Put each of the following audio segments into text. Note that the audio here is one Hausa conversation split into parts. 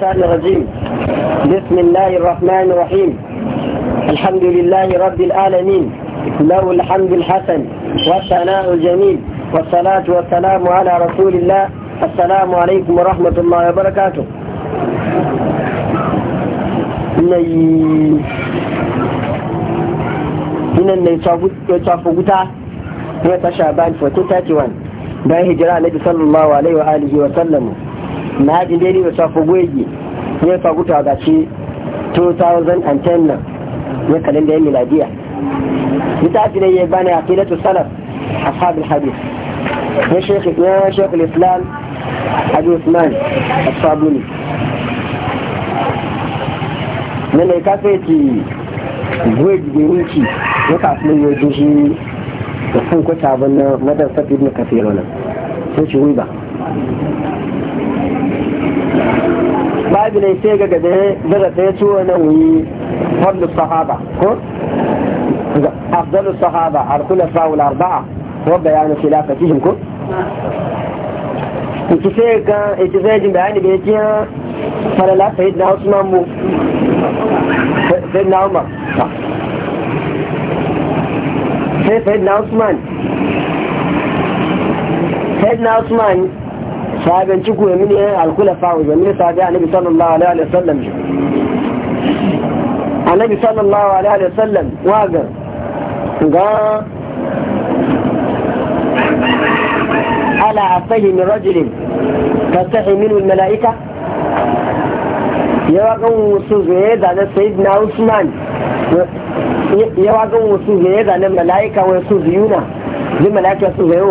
الشيطان الرجيم بسم الله الرحمن الرحيم الحمد لله رب العالمين له الحمد الحسن والثناء الجميل والصلاة والسلام على رسول الله السلام عليكم ورحمة الله وبركاته Inan ne tsafuguta ya tasha ban 1431 bayan hijira Alaihi sallallahu وآله wa na haji daidai da safa gwegi ya faguta ga gashi 2010 ya kalin da ya miladiya ita littafi ne ya bane bani aqidatu salaf a sabin hadis ya shekh ya shekh al-islam abu usman a sabuni na mai ka sai ti gwegi da wuci ya kafin ya ji da sun kwata abin na madarsa ya kafirona sai shi wiba بعد ان يسيق قده درسيته ونوي فضل الصحابة كون أفضل الصحابة على كل أسراء الأربعة وبيان يعني خلافتهم كون اتفاق اتفاق بيان بيتيا فلا لا سيدنا عثمان مو سيدنا عمر سيدنا عثمان سيدنا عثمان sahaben ciku ya mini yan alkulafa wa zamir sahabi annabi sallallahu alaihi sallallahu alaihi wa wagar ga ala a min rajulin tasahi min mala'ika yawa kan wasu zai da na usman yawa kan wasu zai da mala'ika wasu ziyuna zai mala'ika su zai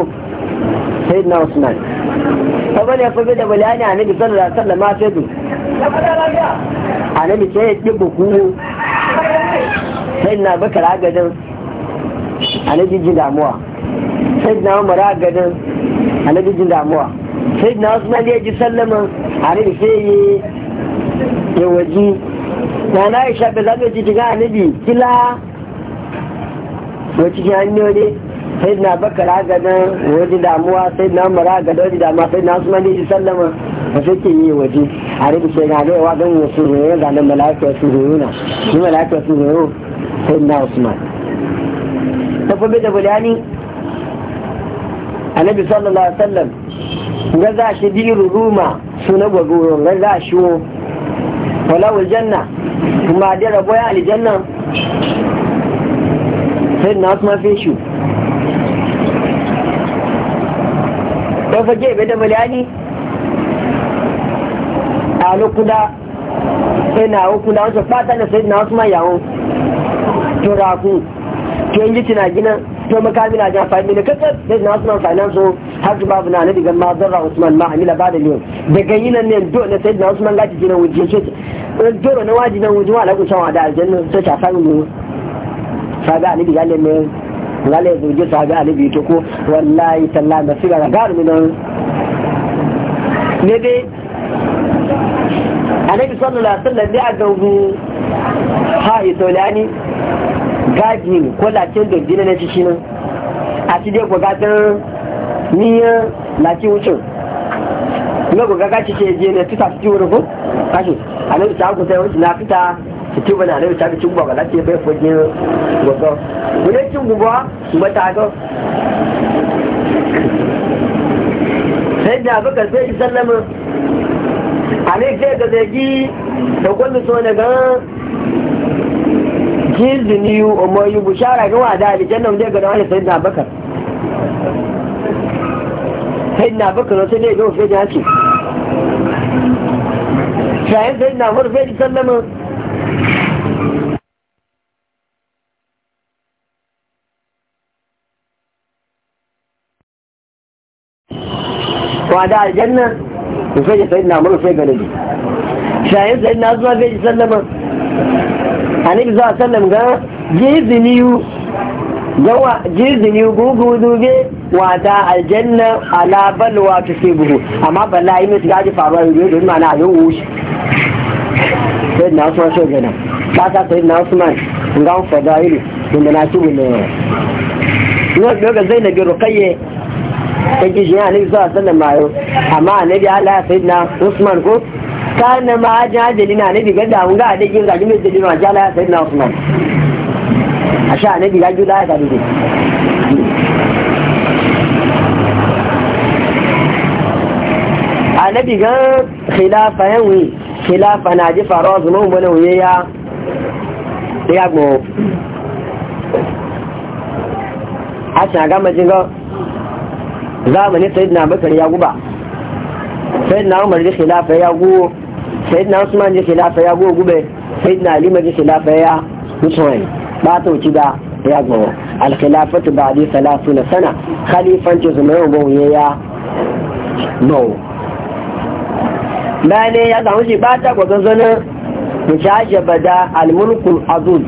sayyidina usman kamar ya fi da bulani a nabi sallallahu alaihi wasallam ma sai du a nabi sai ya ɗiba buku sai na baka agadin a nabi jin damuwa sai na umar agadin a nabi jin damuwa sai na wasu ya ji sallama a nabi sai yi ya waji na na isha bai zama ji jiga a nabi kila wacce ji hanyoyi sai na bakar aga waje damuwa sai na mara ga da waje damuwa sai na su mani sallama sai ke yi waje a rikin sai na gaiwa don wasu royo ga nan malakiyar su royo na shi malakiyar su royo sai na usman ta kuma da bulani nabi sallallahu alaihi wasallam ga za shi biru ruma suna gwagoro ga za shi wo walawul janna kuma da rabo ya aljanna sai na usman mafi shi wai fage bai da mulani a lokuda sai na hukuna wasu fata da sai na wasu mayawo to raku to yin jitina gina to makami na jan fahimmi na kakar sai na wasu man su har su babu na nadigan ma zarra usman ma hamila ba da liyon daga yi nan ne do na sai na wasu man gaji jina wujin shi in doro na wajinan wujin wa alaƙun shan wada aljannu sai ta fahimmi ne sabi a nadigan ne ngale zuje sahabi alibi to ko wallahi talla da siga da garu min ne dai annabi sallallahu alaihi wasallam ya ga hu ha itolani gaji ko lacin da dina na shi nan a ci dai gogadan niya laci wucin na gogaga ci ce je ne tuta su ci wurin ko kashi annabi ta ku sai wucin na fita cikin wani hannun ta cikin gwagwa na ce bai fage gwagwa wani cikin gwagwa mata ga sai da abu karfe shi sallama a ne sai ga zagi da kwallo so daga jizini umar yi bushara ga wada a lijan nan zai ga da wani sai da bakar sai da bakar sai ne ga wasu ya ce shayin sai da murfe shi sallama wada aljanna ku sai sai mun sai gare shayin sai na zuwa bai sallama annabi za sallam ga jiziniyu gawa jiziniyu gugu dube wata aljanna ala balwa buhu, amma bala yi mutu ga ji faruwa yau don mana sai na wasu wasu gana kaka sai na wasu man nga wasu fada ilu inda na tubu ne wa ga zai na biro kayye ta kishin ya ne zuwa sannan mayo amma annabi ala sai na usman ko kana ma ajin ajali na annabi ga da ga da kin gaji da dalilin wa jala sai na usman a sha annabi ga juda ya sadu annabi ga khilafa yawi khilafa na ji faruwa zuma wani wuye ya gbo a cin agama jinga zamani sayid na bakar ya guba sayid na umar ji khilafa ya guwo sayid na usman ji khilafa ya guwo gube sayid na alima ji khilafa ya ba ta ya gbo alkhilafatu ba a ji salatu na sana khalifanci wuye ya bayanin ya samu shi ba ta kwazazzanin mushashaba da almulkul azul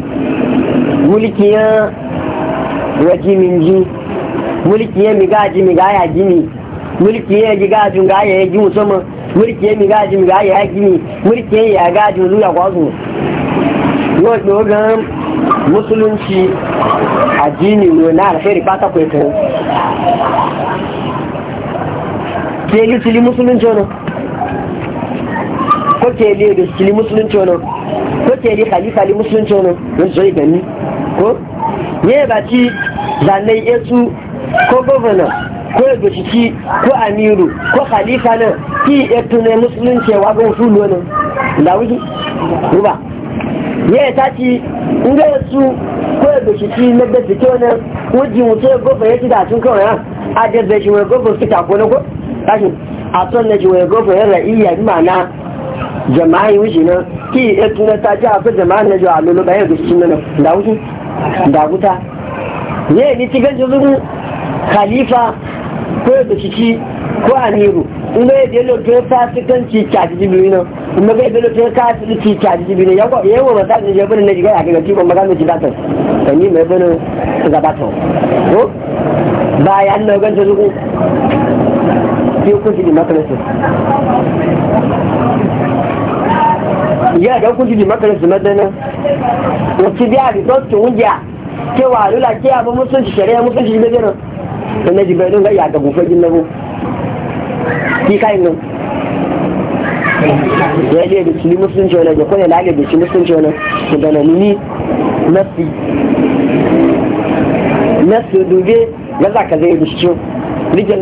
mulkiyan rajimin ji mulkiyan migaji migaya gini mulkiyan gigajin gaya ya gini sama mulkiyan migaji migaya ya gini mulkiyan ya gajin zuya kwazo yau dogon musulunci a jini ne na alheri ba ta kwaikwayo ke yi musulunci wani ko ke li da kili musulunci wani ko ke li khalifa li musulunci wani don yi gani ko ne ba ci esu ko governor ko ya ko amiru ko khalifa nan ki ya tunai musulunci wa ga wasu lona da ruba ya ta ci in ko ya gashi na da fito nan wajin wuce ya gofa ya ci da tun kawai ha a da shi wai gofa su tako ko kashi a son na shi wai gofa ya ra'iya bi ma'ana jama'i wuce nan ki ya tuna ta ji afi jama'a na jawa lolo bayan da shi nan da wuce da wuta ne ni ci ganci zuru khalifa ko da ciki ko amiru in ga yadda yalo lokacin ta fi kan ci kyaji jibiri nan in ga yadda yalo to ka su ci caji jibiri ya yi wa masu ta ji na jiga a ga tiban magana ci datan ta yi mai bane gabatan ko bayan na ganci zuru ki ku ji makarasa ìyá ẹ̀dá kú jìjì mọ́kànlá sí mẹ́tẹ́ná òtí bí àdìsọ́ tó ń jà kí wà lóla kí abọ́ mọ́sán ti sẹ̀rẹ́ mọ́sán ti gbẹ́gbẹ́ náà ẹ̀nà ìdìbò ẹ̀dùn gáyà àgàbò fẹ́ jí kí ká inú ya je da da da nasi nasi ya za ka zai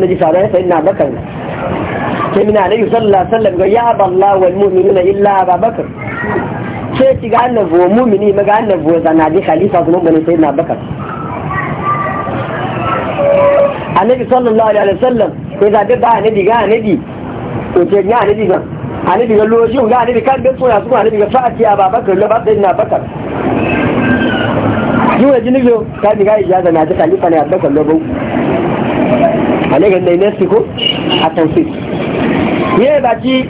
na ji sai na bakar kemi na alaihi sallallahu alaihi ga ya aba wal mu'minuna illa Aba ce ci ga annabi wa mu'mini ma ga annabi wa zanadi khalifa kuma ganin sayyidina Abubakar annabi sallallahu alaihi wasallam ko da ba annabi ga annabi ko ce ga annabi ga annabi ga loji ga annabi kan da tsora su annabi ga fa'ati Aba Bakar la sayyidina Abubakar yiwa jinigo ta diga ijaza na khalifa ne Abubakar lobo alaihi ga dai a tawfiq ye ba ci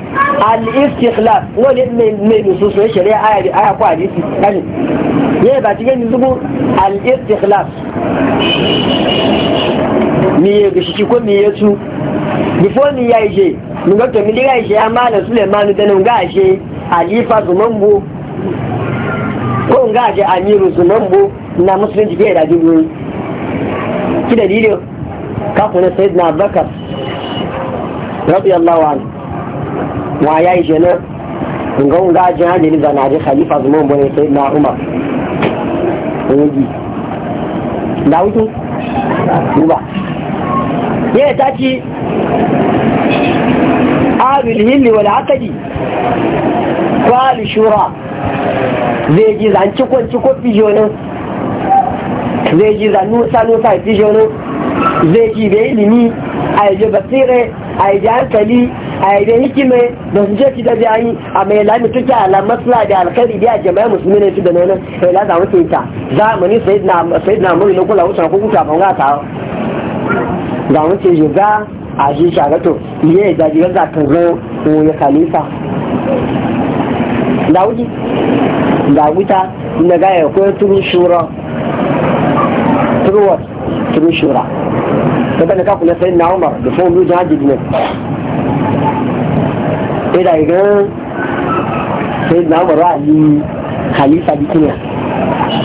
al-istikhlas wani mai nususu ya shari'a aya aya ko hadisi kani ye ba ci gani zubu al-istikhlas mi ye gishi ko mi ye su before mi ya ije mun ga to mi diga ije amma da Suleiman da nan ga ije alifa zumambo ko nga ije amiru zumambo na musulunci bai da dubu ki dalilin kafin sayyidina Abubakar radiyallahu anhu wa ya yi jana nga nga jana da ni zana ji khalifa zuma bane sai na umar oji da wuce duba ya ta ci abil hilli wal akadi kwali shura zai ji zan kwanci ko fijonin zai ji zan nusa nusa fijonin zai ji da ilimi a yaje basire a yaje hankali a idan hikime ba su je ci da biyayi a mai lami tuke ala masla da alkhairi biya jama'a musulmi ne su da nonon sai la samu kinta zamani sayid na muri na kula wuce ko kuka ban gata ga wuce za a shi shagato iye da jiran za ta zo ko ya khalifa da wuce da wuta na ga ya ko turu shura turu wat turu shura ta bane ka kula sayid na umar da fomu jihar jidnet ina idan sai na umaru a yi bikiniya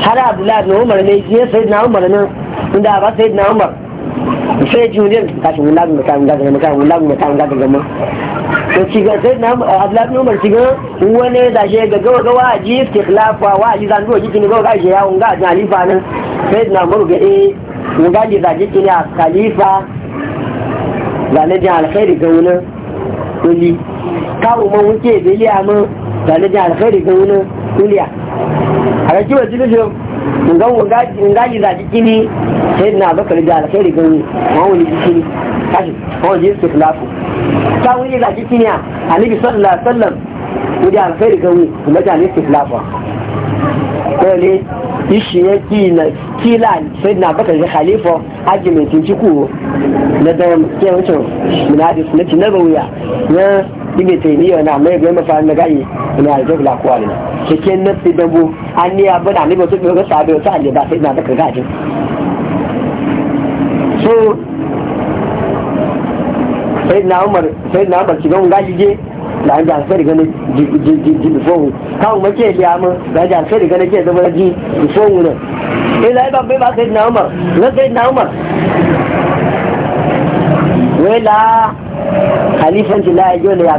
har abdullahi na umar ne je sai na umar nan inda ba sai na umar sai ji wajen kashi wulagu mai kayan gaza mai kayan wulagu mai kayan gaza gama to ci ga sai na abdullahi na umar ci ga wani da shi ga gawa gawa a ji istikhlafa wa a ji zanduwa jikin gawa ga shi yawon a nan sai na ga eh da jikin khalifa alkhairi ga wunan kuli kawo man wuce biliya man da na jin alkhairi ga wani kuliya a ga kiwon jirgin ngan ngaji jiki ne sai na da alkhairi ga wani wani jiki ne kashi wani jiki su ta jiki ne a nabi sallallahu alkhairi ga wani kuma ta ne su ne kila sai na da khalifa aji mai tunciku na dawon kyawancin minadis na ci na bauya na ibe taimiyya na mai gwaima faru na gayi na aljar lakuwa ne cikin na fi dambu an ni abu na ni ba su wasu sabi wata ba sai na daga gaji so sai na umar sai na umar shiga gaji da an jansa daga na ji bisowu kawo mace biya mu da jansa daga na ke zama na ji bisowu nan eh lai ba ba sai na umar na sai na umar la halifan la yaji na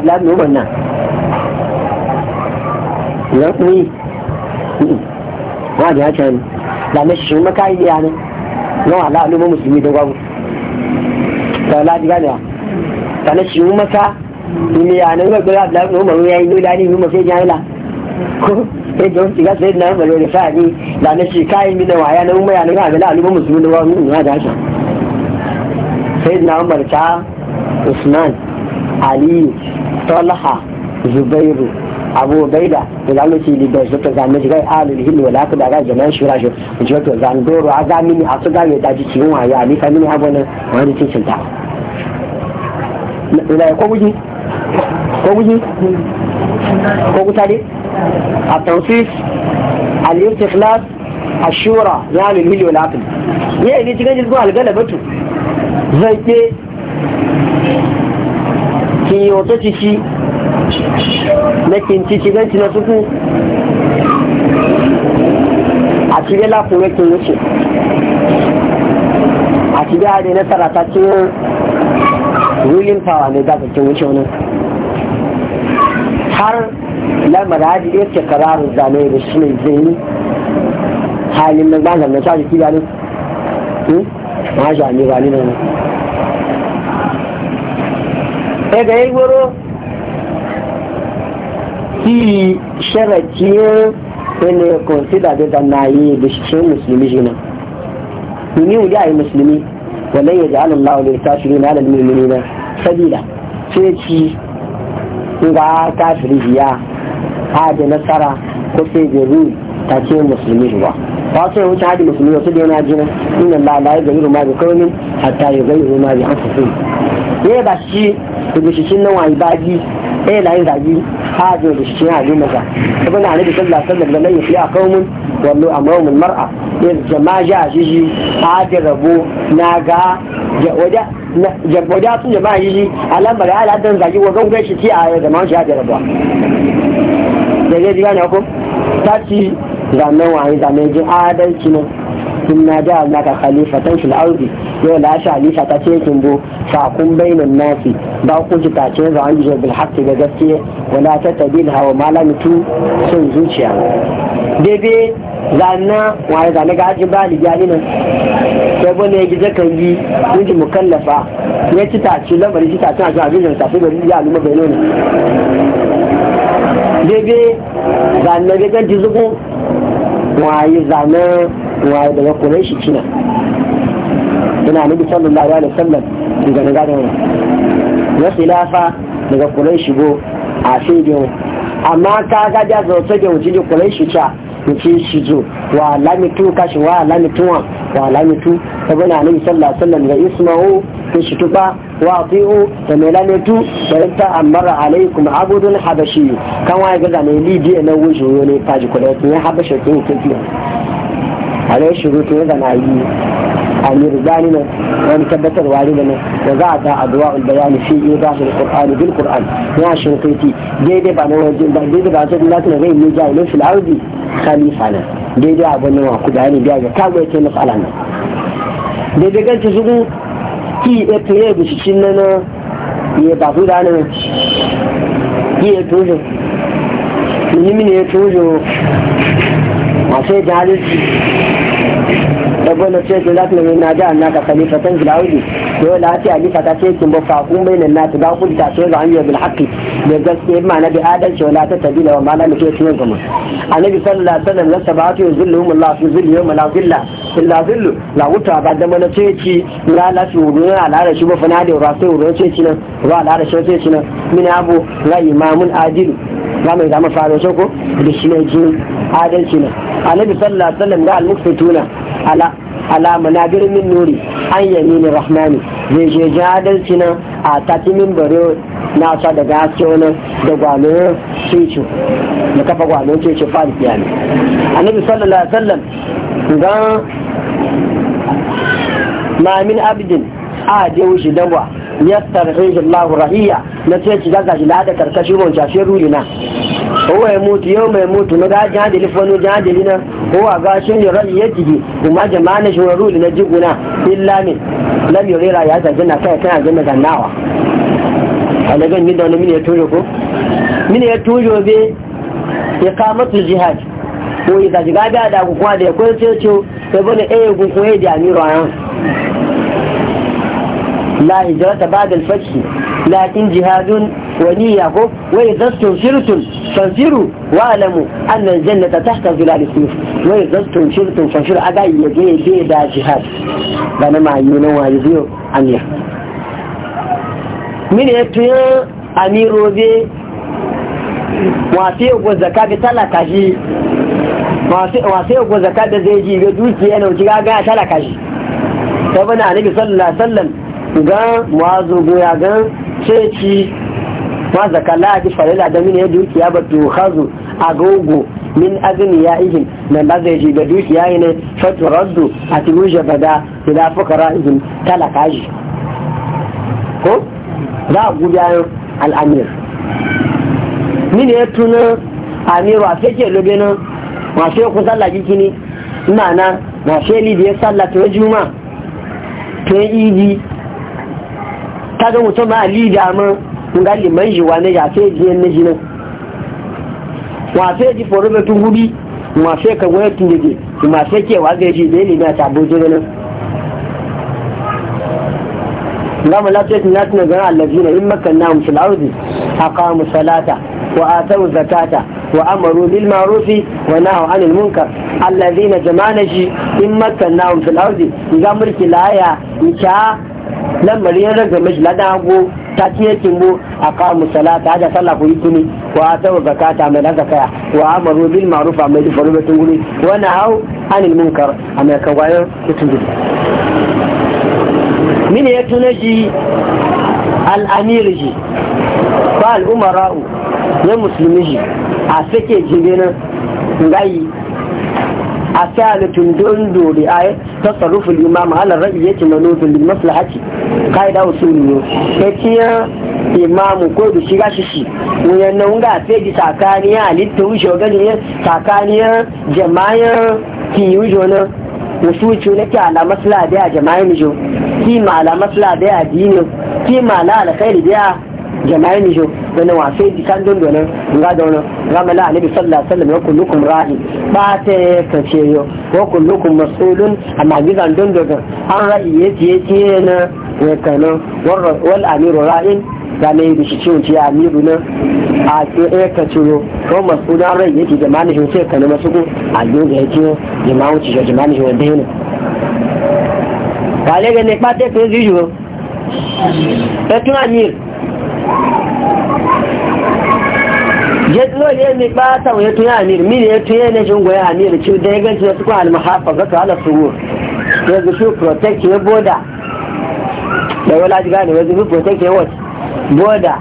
wa da ya can da na shi makayi biya ne musulmi da diga ne na shi ni ya nan ga gura da yayi dole sai ko sai don shiga sai na da na shi kai mi da waya nan mun ya nan ga da alubu musulmi da wani mun ga shi sai na umar ta usman ali talha zubairu abu baida da za mu ci da su ta zama shiga alul hillu wala ku da ga jama'an shura shi in ji wato zandoro a ga mini a su ga mai daji cikin waya ni ka mini abu nan wani cikin ta ila ya ko guji ko guji ko guta a tawsis al-istikhlas ashura ya lil hili wal aql ya ne cikin jilgo al batu zai ke ki yoto ciki na kinci cikin ci na suku a cikin lafuwa kin wuce a cikin hade na sarata cikin ruling power ne za ka kin wuce wani har lamar haji ya ce kararun zane da shi ne zai yi halin na gbazan na shaji kila ne ma hmm? sha ne ba ni na ne ga yi goro, ki sharakiyar ne consider da na yi da shi musulmi shi nan ni wuri a yi musulmi wannan ya ji alallahu da ya tashi ne na alamin ne na sabila sai ci ga kafiri biya a da nasara ko sai da ru ta ce musulmi ruwa ba su yi wuce hadi musulmi wasu da yana jina inda la la ya gari ruma da kaunin hatta ya zai ruma da an fufu ne ba shi da bishishin nan wani baji ɗaya layin zagi ha da bishishin hadi maza sabon na nabi da alaihi wasallam da nan ya fi a kaunin wallo a mawumin mar'a ya jama'a ji a shi shi hadi rabo na ga wajen sun a yi alamar ya aladan zagi wa gangan shi ti a zaman shi ya jarabuwa da zai ji gane ko ta ci zanen wahayi zamen jin adalci ne inna ja'alna ka khalifatan fil ardi yau la sha halifa ta ce kin bo fa kun bainan nasi ba ku ji ta ce za an ji bil haqqi da gaskiya wala ta tabil hawa malami tu sun zuciya debe zanna waye zanna ga ji ba li jani nan sai bane ji kan yi kun ji mukallafa ya ci ta ci lamarin ci ta ci a ga bizin ta fi bari ya luma bayanan debe zanna ga ji zuku waye zanna waye da yake kore shi kina ina nabi sallallahu alaihi wasallam daga daga da ya filafa daga kore shi go a fidiyo amma ka ga da zo ta ga wuce kore shi cha wuce shi zo wa lami tu ka shi wa lami tu wa wa lami tu sabo na nabi sallallahu alaihi wasallam ga isma'u ke shi tuba wa fi'u da mai lami tu da ta amara alaikum abudul habashi kan waye ga da mai libiya na wuce ne faji kore shi ne habashi ke ke a nan shiru tun yana yi a amir gani nan wani tabbatar tabbatarwa ne nan da za a ta addu'a ul bayani fi ibahi alqur'ani bil qur'an ya shirkaiti daidai ba nan wajen ba daidai ba sai Allah tana gani ne ja ne fil ardi khalifa nan daidai abin nan ku ne biya ga kago yake masala nan daidai ganci zugu ki e tare da shi nan ya ba ku da nan ki e tojo ni mini e tojo ma sai jalisi ebo na ce za ta na da an naka fatan fil ardi to la ta ali fata ce kin ba fa kun bainan na ta ga kun ta ce za an yi bil haqqi da gaskiya ma na bi adalci wala ta tabila wa mala mutum ce kuma annabi sallallahu alaihi wasallam la sabatu yuzilluhum Allah fi zilli yawm la zilla illa zillu la wuta ba da mana ce ci la la su ruwa la da shi ba fa na da rasul ruwa ce ci nan ba la shi ce ci nan min abu la imamun adilu za mu zama faro soko da shi ne jini adalci ne a nabi sallallahu alaihi wasallam ga al tuna ala ala manadir min nuri an yamin rahmani ne je jin adalci nan a tati min bare na sa da gaske wani da gwano cece da kafa gwano cece ne a nabi sallallahu alaihi wasallam ga ma min abdin a je wuce dawa yastar rijin lahu rahiya na ce ci gaza shi lada karkashi bon shashe ruri na kowa ya mutu yau mai mutu na gajin hadili fano jin hadili na kowa ga shi ne rai ya jigi kuma jama'a na shi wani ruri na jiguna illa ne lam yore ya ta janna kai kana janna zannawa a daga ni da wani mini ya tojo ko mini ya tojo be iqamatul jihad ko idan jiga da ku kuma da ya kwace ce sai bane eh gun ko ya da amiro ayan لا هجرة بعد الفتح لكن جهاد ونية وإذا استنشرتم فانفروا واعلموا أن الجنة تحت ظلال السيوف وإذا استنشرتم فانفروا أقاي يجي بيدا جهاد بنا ما ينوى يزيو أمير من يتوى أمير وبي wafe ko zaka bi talaka shi wafe ko zaka da zai ji ga dukiya na wuce ga ga talaka shi ta ga mawazo goya gan ceci ma zaka la'adi farila da mini ya dukiya ba to hazu agogo min azini ya ihin na da zai ji da dukiya yi ne fatu raddu a tiluje bada ila fukara ihin talaka shi ko za a yayin al'amir mini ya tuna amiru a ke lobe nan sai ku sallah kini ina na wa sai da ya sallah ta ma ta yi idi kaga mutum ma lida ma mun ga liman ji wani ya sai ji yan naji nan wa sai ji foro da tun gudi ma sai ka waya tun dage ma sai ke wa zai ji da ne na tabo ji nan lamu la sai na tun ga allazina in makanna mu fil ardi aqamu salata wa atau zakata wa amaru bil ma'rufi wa nahaw anil munkar allazina jama'ana ji in makanna mu fil ardi ga mulki laya ita lamarin yan raga mashi ladago ta tiye kimbo a musala ta da sallah ku yi tuni wa ta wa zakata mai na zakaya wa amaru bil ma'rufa mai dufaru da tunguri wa na hau anil munkar a mai kagwayar kutun gudu mini ya tuna shi al'amir shi ba al'umara'u ya musulmi shi a sake jibe nan ngayi a salatun don dori a tasarrufin imam halar ra'i yake manufin lil maslahati kaida wasu ne sai kiya imamu ko da shiga shishi wayan nan a sai di a litta wuce gani sakaniya jama'a ki wujo nan wasu na ki ala masu da jama'a wujo ki ma ala masu da dinin ki ma ala alkhairi biya. jama'i ni jo wani wafe kan don donan nga da wani ramala annabi sallallahu alaihi wasallam ya kullukum ra'i ba ta kace yo ko kullukum mas'ulun amma gidan don donan an ra'i ya ce ce na ya kana wal amiru ra'in da ne da shi ciwon ciya amiru na a ce ya kace yo ko mas'ulan ra'i ya ce jama'i ni jo sai kana masu ko a yau ya ce jama'i ci jama'i ni jo da ne kale ga ne ba ta kace yo ta tuna amiru yadda ne mai bata wa ya tuya amir min ya tuya ne jin goya amir ci da ya ganci da suka almahafa ga ta ala suwur ya protect ya boda da protect ya boda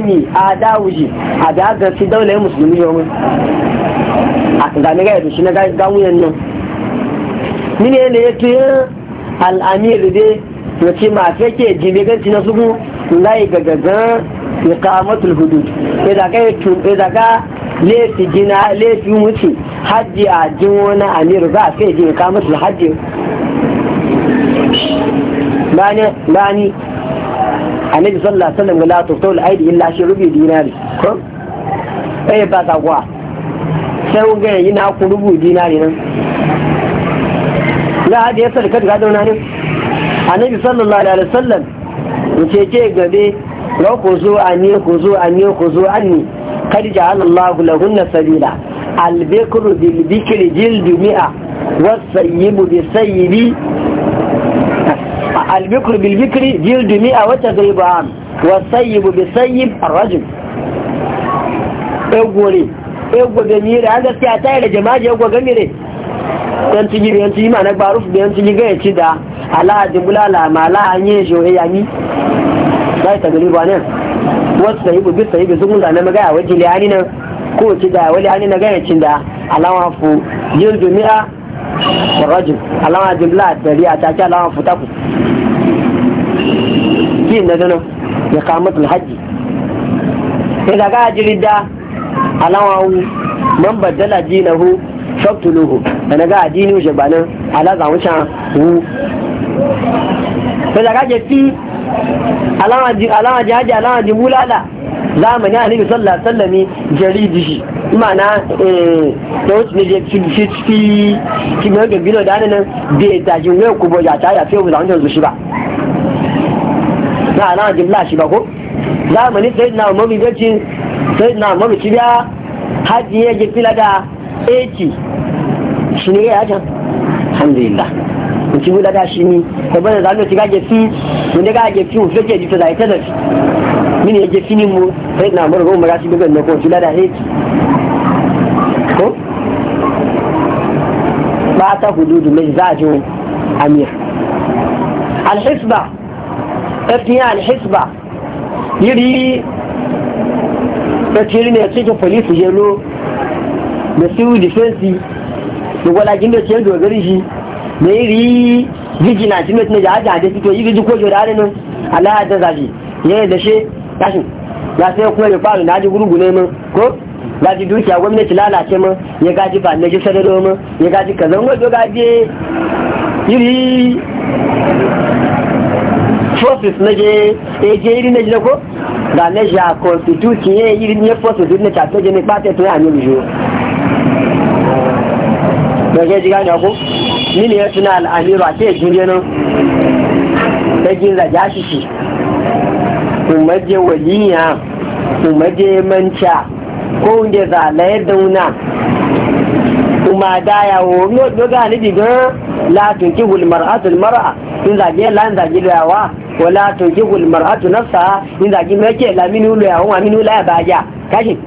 ji a dawuji a ga fi musulmi a ga ya shi na al'amir dai wace masu yake jimiganci na suku layi gagagan ikamatul hudud idaka lefi jina lefi wuce hajji a jin wani amir za a kai jin ikamatul hajji bani annabi sallallahu alaihi wasallam la tuqul aidi illa shi rubi dinari ko eh ba ta kwa sai ga yana ku rubu dinari nan ga hada ya sarka ga zauna ne annabi sallallahu alaihi wasallam ce ke gabe ga ku zo a ne ku zo a ne ku zo an ne kad ja'ala Allahu lahunna sabila al-bikru bil bikri jildu mi'a was-sayyibu bis-sayyibi البكر بالبكر جلد مئة bi عام والسيب بالسيب الرجل egwore egwo gamire an gaskiya ta yi da jama'a egwo gamire yan cigi da yan cigi ma na gbaru da yan yi gaya ci da ala jibula la ma la an yi shoye e ya ni za ta gani ba nan wasu sayi bu bisa yi bi sun da na magaya waje liyani nan ko ci da wali ani na gaya ci da alama fu jil jumi'a rajul alama jibula dari a ta ce alama fu taku kin na nan ya kamatul hajji sai daga da alama wu man badala jinahu faktuluhu da na ga addini wuce ba alaza wuce wu da kake fi alama jihaji alama mu zamani a nabi sallallahu sallami jari dishi imana da wuce ne je fi fi fi mai gambino da hannun bai tajin wuyan kubo ya ta ya fiye mu zamanin zushi ba na alama jimla lashi ba ko zamani sai na mamaci sai na mamaci biya hajji ya je fila da 80 shi ne ya can alhamdulillah nci wula da shi ni ko bana zanu ti gaje fi mun da gaje fi u fike jita da ita da fi min ya je fini mu sai na murgo mu rashi bugan na ko wula da heki ko ba ta hududu mai zaju amir alhisba afiya alhisba yiri ta tiri ne cikin police yelo da civil defense da gwalakin da ciyar dogari shi da iri vigina shi mai tunaji hajji hajji fito yi viji kojo da hannun alaya da zafi ya yi dashe tashin ya sai kuma ya na ji gurgu ne mun ko gaji dukiya gwamnati lalace mun ya gaji ba na ji sararo mun ya gaji kazan wajo gaji iri forces na je eje eh, iri na jina ko ga na ja constitution ya iri ne forces na tafiye ne ba ta tunayi a ne da ke ji gane ku mini ya tuna al'amiru a ce jure nan ta ginza ja shi shi kuma je waliya kuma je manca ko wunde za layar da wuna kuma da ya yawo no ga ni diga la tunki wul mar'atul mar'a in zage la in zage yawa wala tunki wul mar'atu nafsa in zage me ke la minu lo yawo aminu la baja kashi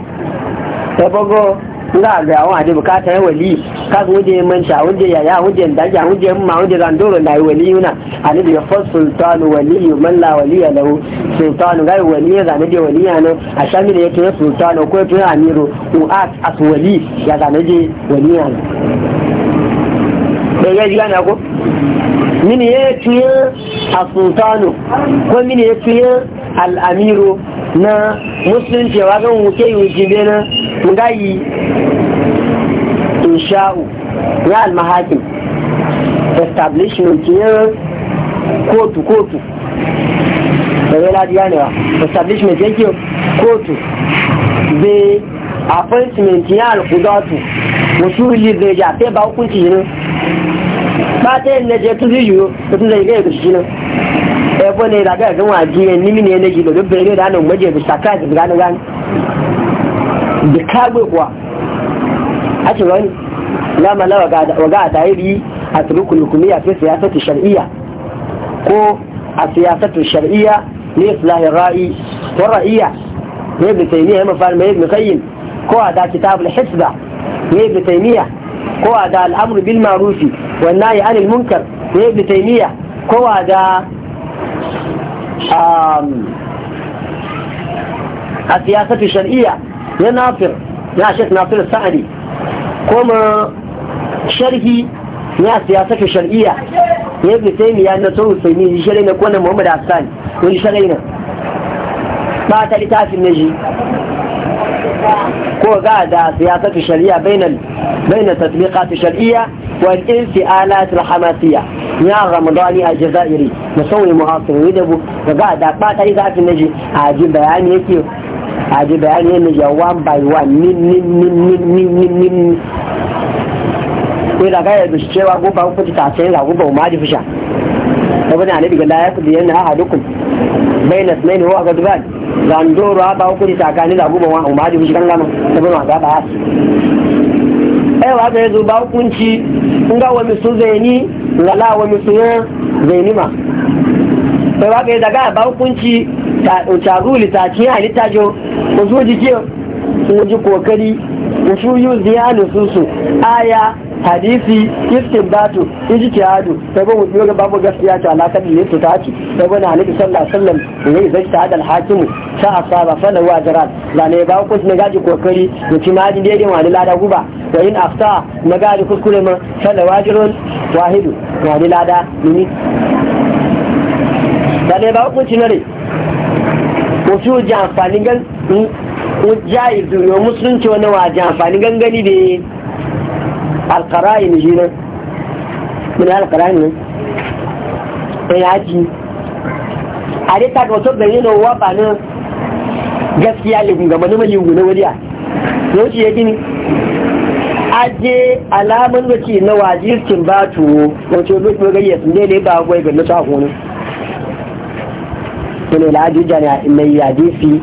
tabago nga ga wa da bukata yawa li ka ga wuje manta wuje yaya wuje daja wuje ma wuje randoro na yi wali yuna ani da ya fa sultanu wali man la wali lahu sultanu ga wali ya zane da wali yana a shami da yake sultanu ko tuye amiru u at as wali ya da ne da wali yana da ga jiga na ko mini ya tuye a sultanu ko mini ya tuye al-amiru na musulunci wa kan wuke yi wuce na ngayi insha'u ya almahakin establishment ya kotu kotu da ya ladi ba, establishment yake kotu Be appointment ya alkudatu wasu ili zai ja sai ba hukunci ne ba ta yi na je tun zai yiwu da tun zai gaya da shi nan ebo ne da ga ga waji ne nimi ne ne da do ne da nan waje bi saka ji ga nan da kagwe kuwa a ce wani lama lawa ga a tayiri a turukul hukumiya fi siyasatu shar'iyya ko a siyasatu shar'iyya ne islahi ra'i ko ra'iyya ne ibn taymiya ya mafar mai ibn qayyim ko a da kitabul hisba ne ibn taymiya ko a da al'amru bil ma'rufi wa nahyi anil munkar ne ibn taymiya ko a da السياسة الشرعية يا نافر يا شيخ نافر السعدي كما شرحي يا سياسة الشرعية يا ابن تيمية أن تقول سيمين يشرين يكون محمد حسان ويشرين ما تلتها في النجي كو قاعدة سياسة الشرعية بين بين التطبيقات الشرعية والانفعالات الحماسية يا رمضاني الجزائري مسوي محاصر ويدبو وقاعد أقبات أي ذات النجي عجيب بياني يكيو عجيب بياني النجي وان باي وان من من من من من من من وإذا قاعد بشتوى قوبة وقت تعسين قوبة وما دي فشا وبدأ عليه بقى لا يقضي أن أحدكم بين اثنين هو غضبان zandoro ba uku ne tsakanin da abubuwan wa umari shi kan gama ta bin wa gaba ai eh, wa ga zo ba hukunci in ga wa misu zaini lala wa misu zaini ma ai eh, wa yi daga ba hukunci ta taru litaci a litajo ko zo jike ko ji kokari ko su yi ziyanu su aya hadisi hadu ta sabo mu yoga babu gaskiya ta alakar ta to ta sabo na alaihi sallallahu alaihi wasallam ne zai ta hada hakimu ta asaba fa lawa jiran da ne ba hukunci na gaji kokari mutum ma ji daidai wani lada guba wa in afta magari kuskure ma sallar wajirun wahidu wa ni lada mini ba hukunci rai ko su amfani gan jayi duniya musulunci wani waje amfani gangani da alkarai ne shi nan muna alkarai ne ɗan yaji a dai ta da yin ba nan gaskiya na ya gini aje alamun da ke na wajirkin ba tuwo wato lokacin gayyar sun dai ne ba gwai ga nutsa hunu ne la ajuja ne mai yadisi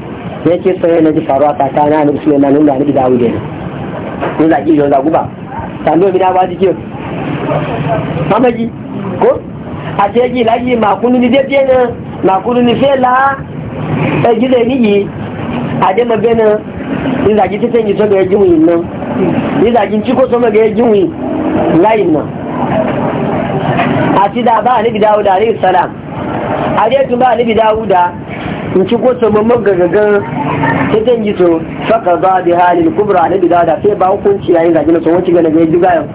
ya ce sai na ji faruwa tsakanin annabi Sulaiman da annabi Dawud ne ne da ki yau da guba tando bi da ba ji ke mamaji ko a ce ji laji ma kunu ni dai ne ma kunu ni fela e gide ni yi a je mabena ni da ji tete ni so ga ji mu yin nan ni ci ko ìdàjí tí kó sọmọ gẹ̀ẹ́ jíwìn láì nà àti dàbá àníbi dáúdà ní ìsàlá ba ni àníbi dáúdà in ci ko ga ga ta tangi to faka ba bi halin kubra ni bida da sai ba hukunci yayin zagi na tsohon cigana ga yaji gayan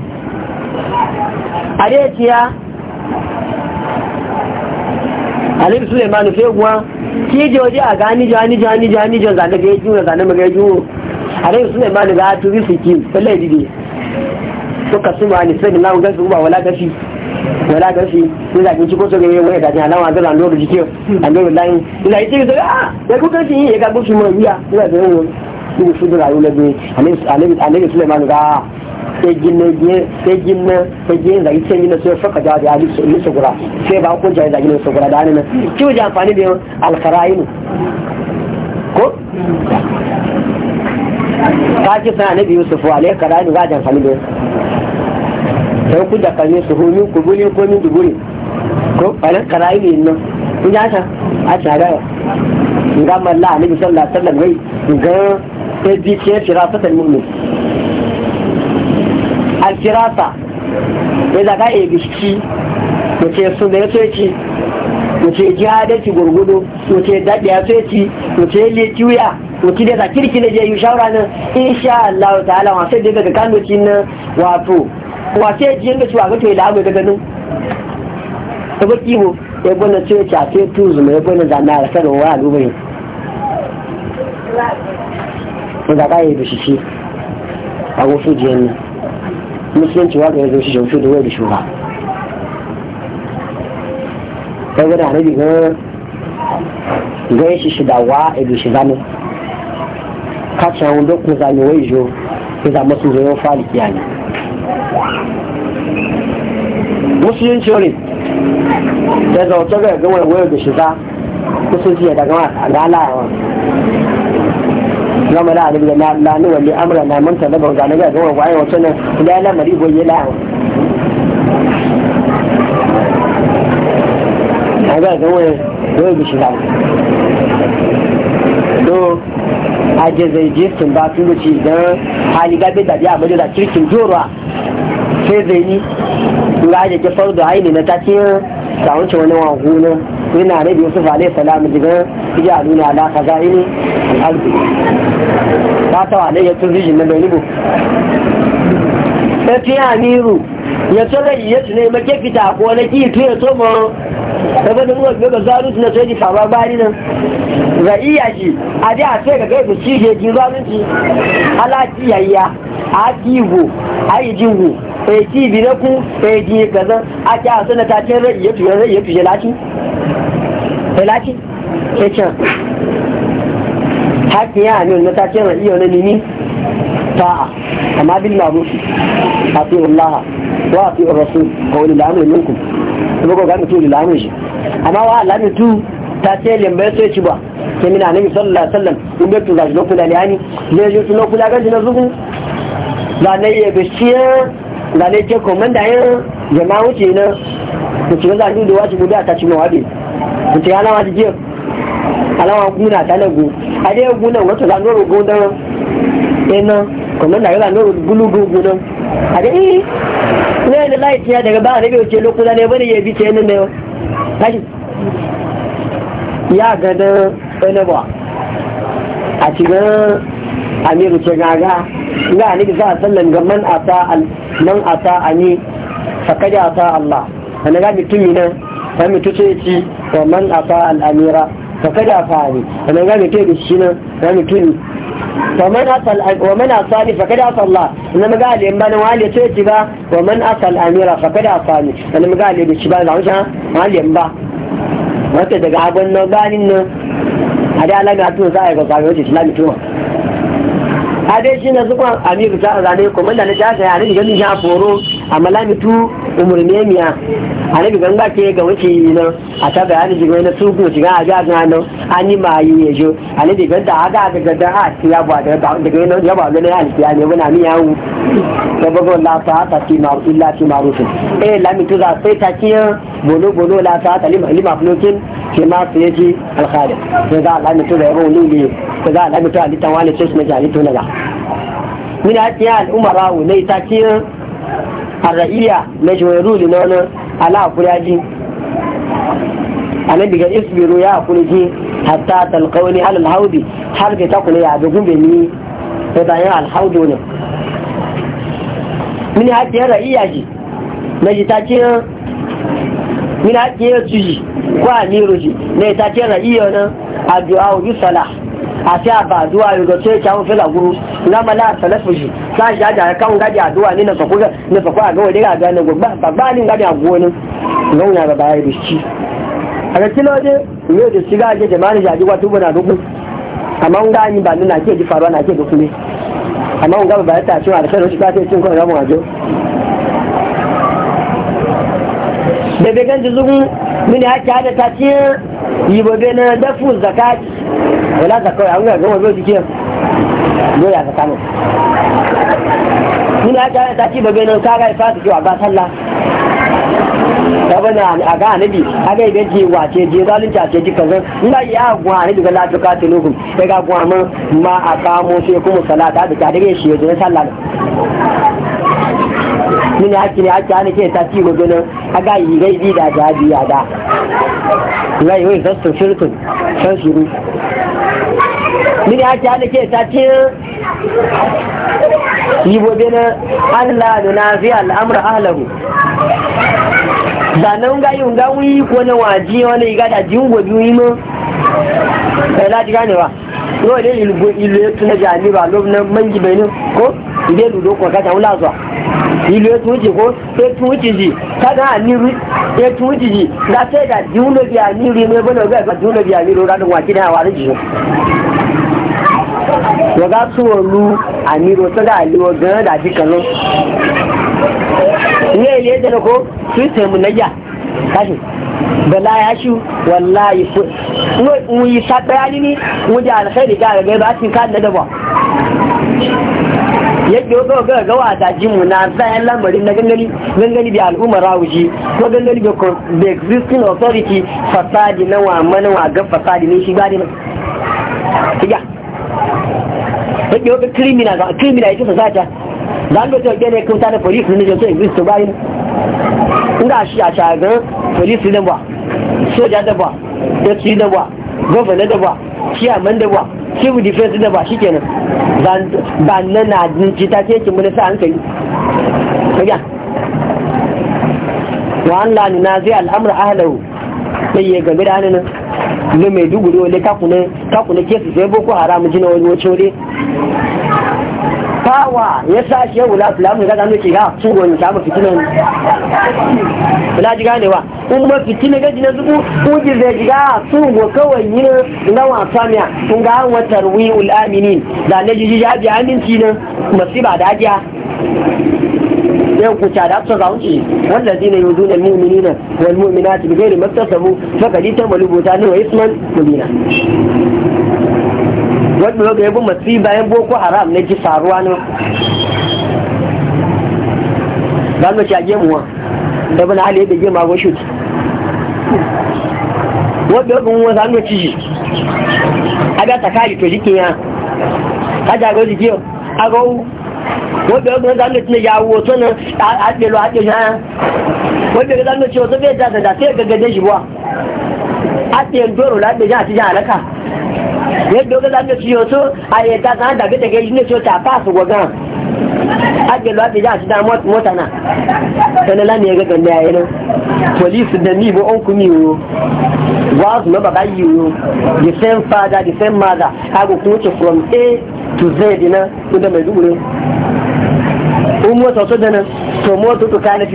a da ciya alim suleimanu gwa ki je waje a gani jani jani jani jan zane ga yaji zane ga yaji alayhi sulaiman da atu a sallai dide suka suma ni sai na ga su kuma wala gashi wala gashi ni da kin ciko so ga yayi da jana wa zan loro jike an ga wallahi ina yi ce ga da ku kan shi ya ga gushi mai wiya ina da yau ni su da rayu labe alayhi alayhi alayhi sulaiman ga sai ginne sai ginne sai ginne da ita ginne sai faka da da ali su gura sai ba ku jai da ginne su gura da nan ki ji amfani da alkarayin ko ka ci sana na biyu su fuwa lai ba rani gajan halilu sai ku da kare su homi ku buri ko min duburi ko ɓanar karayi ne nan in ya ta a tare ga malla ne bi sallallahu alaihi wasallam wai ga sai bi ce firasat ta mumin al-firasa ne da ga e bishki ko ce su ne yace ci ko ce jihadati gurgudu ko ce dadiya sai ci ko ce lekiya wuti da kirki na je yi shawara nan insha Allah ta'ala wa sai daga kano cin nan wato wa sai ji yanda cewa ga to da abu daga nan to ba kibo ya gona ce ta ce tuzu mai gona da na rasar wa al'umma mun da kai da shi shi a wasu jiyan nan musulunci wa ga ya zo shi shi da wai da shugaba kai gona rabi ga gaishe shi da wa ido shi zamu kacin hannun da kuma wai jo ya zama su yin ciori da zautar da da shiga da alibi da na manta da bauta na wacce nan da ya lamari goyi a ga da shiga aje zai je sun ba sun wuce don hali gabe da biya majo da kirkin jorwa sai zai yi ga aje ke faru da haini na takin da wuce wani ne yana na biyu su fale salamu daga iya nuna ala kaza ini al'adu ta tawa ne ya tun rijin na benibu ta fiye amiru ya tsoron yi ya tunai make fita ko na ki tuye tomo daga da ruwan gaba zalunci na sai ji kama bari nan ga iya ji a da a sai ga gaifu ci je ji zalunci alaji yayya a jigo a yi jigo a ji bi na ku a ji gazan a ki a sana ta ce rai ya tuye rai ya tuye lati ya lati ya can haƙƙin ya amin na ta ce rai iya na nini ta'a amma bin lamusi a fi'ullaha wa a fi'ur rasul kawai da amin minkum lokacin ga mutum lilamin shi amma wa alamin tu ta ce limbai sai ci ba ke mina nabi sallallahu alaihi wasallam in bai tu zaji lokula ne ani ne je su lokula ganji na zugu za ne ya bishiya da ne ke komanda yin jama'a wuce ne ku ci za ni da wajibi guda ta ci ma ku ci ana wajibi jiya alawa kuna ta lagu a dai gunan wata zanuwar gudan ina eh, kamar na yaba nuru gulugugu nan a ga eh ne da light ya daga ba a rabe ce lokuta ne bane ya ce nan da tashi ya ga da ba a cikin amiru ce gaga ina ne za a sallan ga man al man asa ani fakada asa Allah ana ga mutumi nan sai mutuce ci ga man asa al amira fakada fa ani ana ga mutai da shi nan ga mutumi ومن أصل ومن أصاني فقد أصى الله إنما قال إن بنا وعلي تيتبا ومن أصى الأميرة فقد أصاني إنما قال لي بشبان العوشة وعلي إنبا wata daga abin nan ganin nan a da alaga tun za a yi gasa wajen islami tuma a dai shi na zuwa amiru ta zane kuma da na ta ta a da gani ya foro a malami tu umurne miya a nabi ganga ke ga wuce yi nan a ta bayani jiga na tukun shiga a ga ga nan an yi mayu ya jo a nabi ganda a ga ga ganda a ti ya ba daga daga yana ya ba gana ya alkiya ne wani miya wu ta bago la ta ta ti ma illa ti ma rufin eh lami tuza sai ta kiyan bolo bolo la ta ta lima lima flokin ke ma su yaji alkhali sai ga lami tuza ya ba wani ne sai ga lami tuza alitan wani sai su na jali tunaga min a tiya al'umara wu ne ta kiyan arra'iya na jiwaru da na wani ala hakuri ji anabi ga ya hakuri ji hatta talqawni ala alhaudi har ta takuna ya ga gumbe ni da bayan alhaudi ne mini hakiyar ra'iya ji na ta ce mini hakiyar su ji ko amiru ji na ta ce ra'iya nan addu'a bi salah àti àbà àdúrà yorùbá tó yẹ kí àwọn fẹlẹ àwúrú lámàlà àtàlẹfọsì láàṣì àjà káwọn a àdúrà ní nàfọkọ àgọwọ dé àgbà ní gbogbo bàbá ní gájà a ní lọ́wọ́n yàrá bàbá a bìí àti kí ló dé ìwé òde sígá àjẹ jẹ máa ń yàjú wá tó gbọdọ àdókù àmọ́ ń gá bà ní nàkíyèdí faruwa nàkíyèdí kúlé àmọ́ ń gá bàbá da bai ganci zugun mini haki hada ta ce yi bobe na dafu zaka wala zaka ya wuya ga wabe jike doya zaka mu. mini haki hada ta ce bobe na kaga ya fata cewa ba sallah bane a ga anabi a ga ibe ji ce je zalunci a ce ji kazan in ba ya gwa anabi ga lati ka tunu gum sai ga gwa ma a kamo sai kuma salata da ta dare shi ya na sallah mini haki ne haki ana ke ta ci a ga yi gai bi da jabi ya da rai wai zasu shirkun san shiru mini haki ana ke ta ci yi bobe na da na fi al'amura ahlahu da nan ga yi ga wani waji wani ga da jingo biyu yi mu ɗaya ne ganewa yau ne ilgo ilo ya tuna jani ba lo na mangi bai ne ko ide ludo ko ka tawo zo ilo ya tuji ko ya tuji ji ka da ni ri ya tuji ji da sai da diuno biya ni ri me bano ga ga diuno biya ni ro da wa kina wa ri ji wa ga su lu ani ro ta da liwo ga da ji kan lo ne ile da ko su sai mun ka kashi bala ya shi wallahi wuyi yi saɓaya ne mun alkhairi ga gagai ba cin kan da ba yadda wasu ga gawa ta jimu na zayen lamarin na gangani gangani bi al'ummar rawuji ko gangani bi the existing authority fasadi na wa mana wa ga fasadi ne shi ba ne tiga yadda wasu criminal ga criminal yake fasata zan ga tawage ne kauta da police ne da so exist to ne inda shi a shagan police ne ba soja da ba ya da ba gwamna da ba chairman da ba civil defense da ba shi kenan ba nan na jinci ta ce kin sa hankali kaga wa an lani na zai al'amur ahlahu sai ya gabe da hannun ne mai duguri wale kakune kakune kesu sai boko haramu jina wani wace wale dawa ya sa shi ya wula fulani mai gaza nake ya su ga wani samun ne fula ji gane wa kuma ma fitinan gaji na zubu kuji zai ji ga su ga kawai yi na wata miya sun ga an wata ruwi ul'amini da na jiji ya biya aminci na masiba da ajiya yau kuca da aka zaunci wanda zina yi zuna mumini na wani mumina ta bi gairi masu tasamu fakadi ta malubuta ne wa isman mumina wadda ya ga matsi bayan boko haram na ji faruwa ne ba mu ci a gemuwa da bana hali yadda gemu agon shoot wadda yau ga wani zanuwa ci shi a ga takari to jikin ya ka jago jiki yau agon wadda yau ga wani zanuwa ci na yawo to nan a ɗelo a ya wadda yau ga zanuwa ci wasu bai da da sai ga gajen shi buwa a doro la ya ci jan alaka yadda wani zan da ciyo so a yi ta zan da gita gaji ne so ta fasu gwagan hajjiyar a ja shi da mota na sanar lami ya gagan da yayi nan polisi da ni bo on baka yi yo the same father the same mother hagu from a to z na inda mai dubure in mota so to to fi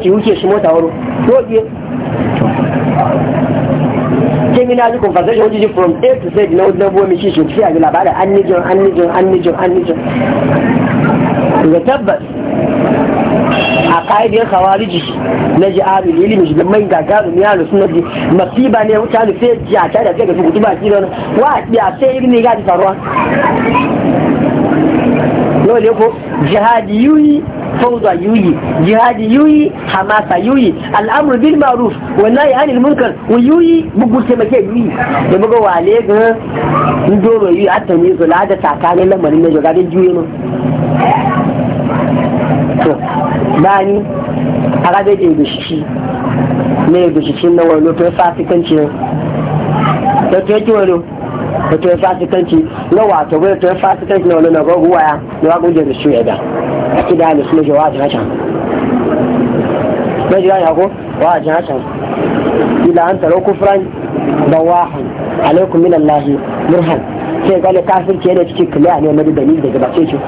shi shi sai mina ji conversation wajen from a to z na wajen buwa mishi shi fiya ji labarin an nijin an nijin an nijin an nijin ga tabbas a ka'idiyar kawariji na ji abin ilimi shi mai gagaru ya lusu na ji ba ne wuta da sai ji a tare da ga su kutuba ki don wa a ya sai ilimi ga ji faruwa dole ko jihadi yuni fawza yuyi jihadi yuyi hamasa yuyi al'amru bil ma'ruf wallahi anil munkar wa yuyi bugu taimake yuyi da buga wale ga ndoro yuyi hatta ni zula da tsakanin lamarin na jogadin juye mu a gabe da gushi idan da suna wajen a jina can bai jira ya ko wajen a can ila an taro kufran da wahan alaikum min allahi murhan sai gane kafirci da cikin kiliya ne na dalil da gabace shi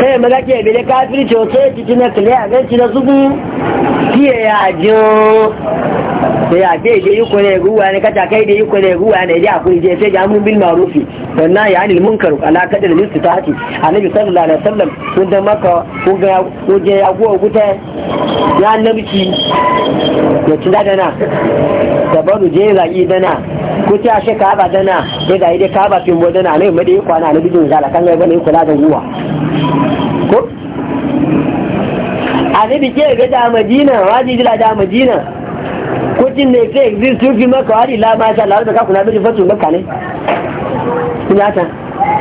kai maza ke bile kafirci wato ya cikin na gan ganci na zubu fiye ya ajiyar da a ce da yi kone ruwa ne kata kai da yi kone ruwa ne ya kun je sai ga bil ma'rufi sannan ya anil munkar ala da listi ta hati annabi sallallahu alaihi wasallam kun da maka ko ga ko je ya go guta ya annabci ya ci da na sabaru je la yi dana ko ta she ka ba dana sai ga ide ka ba fin bo dana ne mai da kwana annabi din zala kan ga bane kula da ruwa ko annabi ke ga da madina wajibi da madina lokacin da ya ce exist yufi maka wari la ma sha Allah da ka kuna biji fatu maka ne ina ta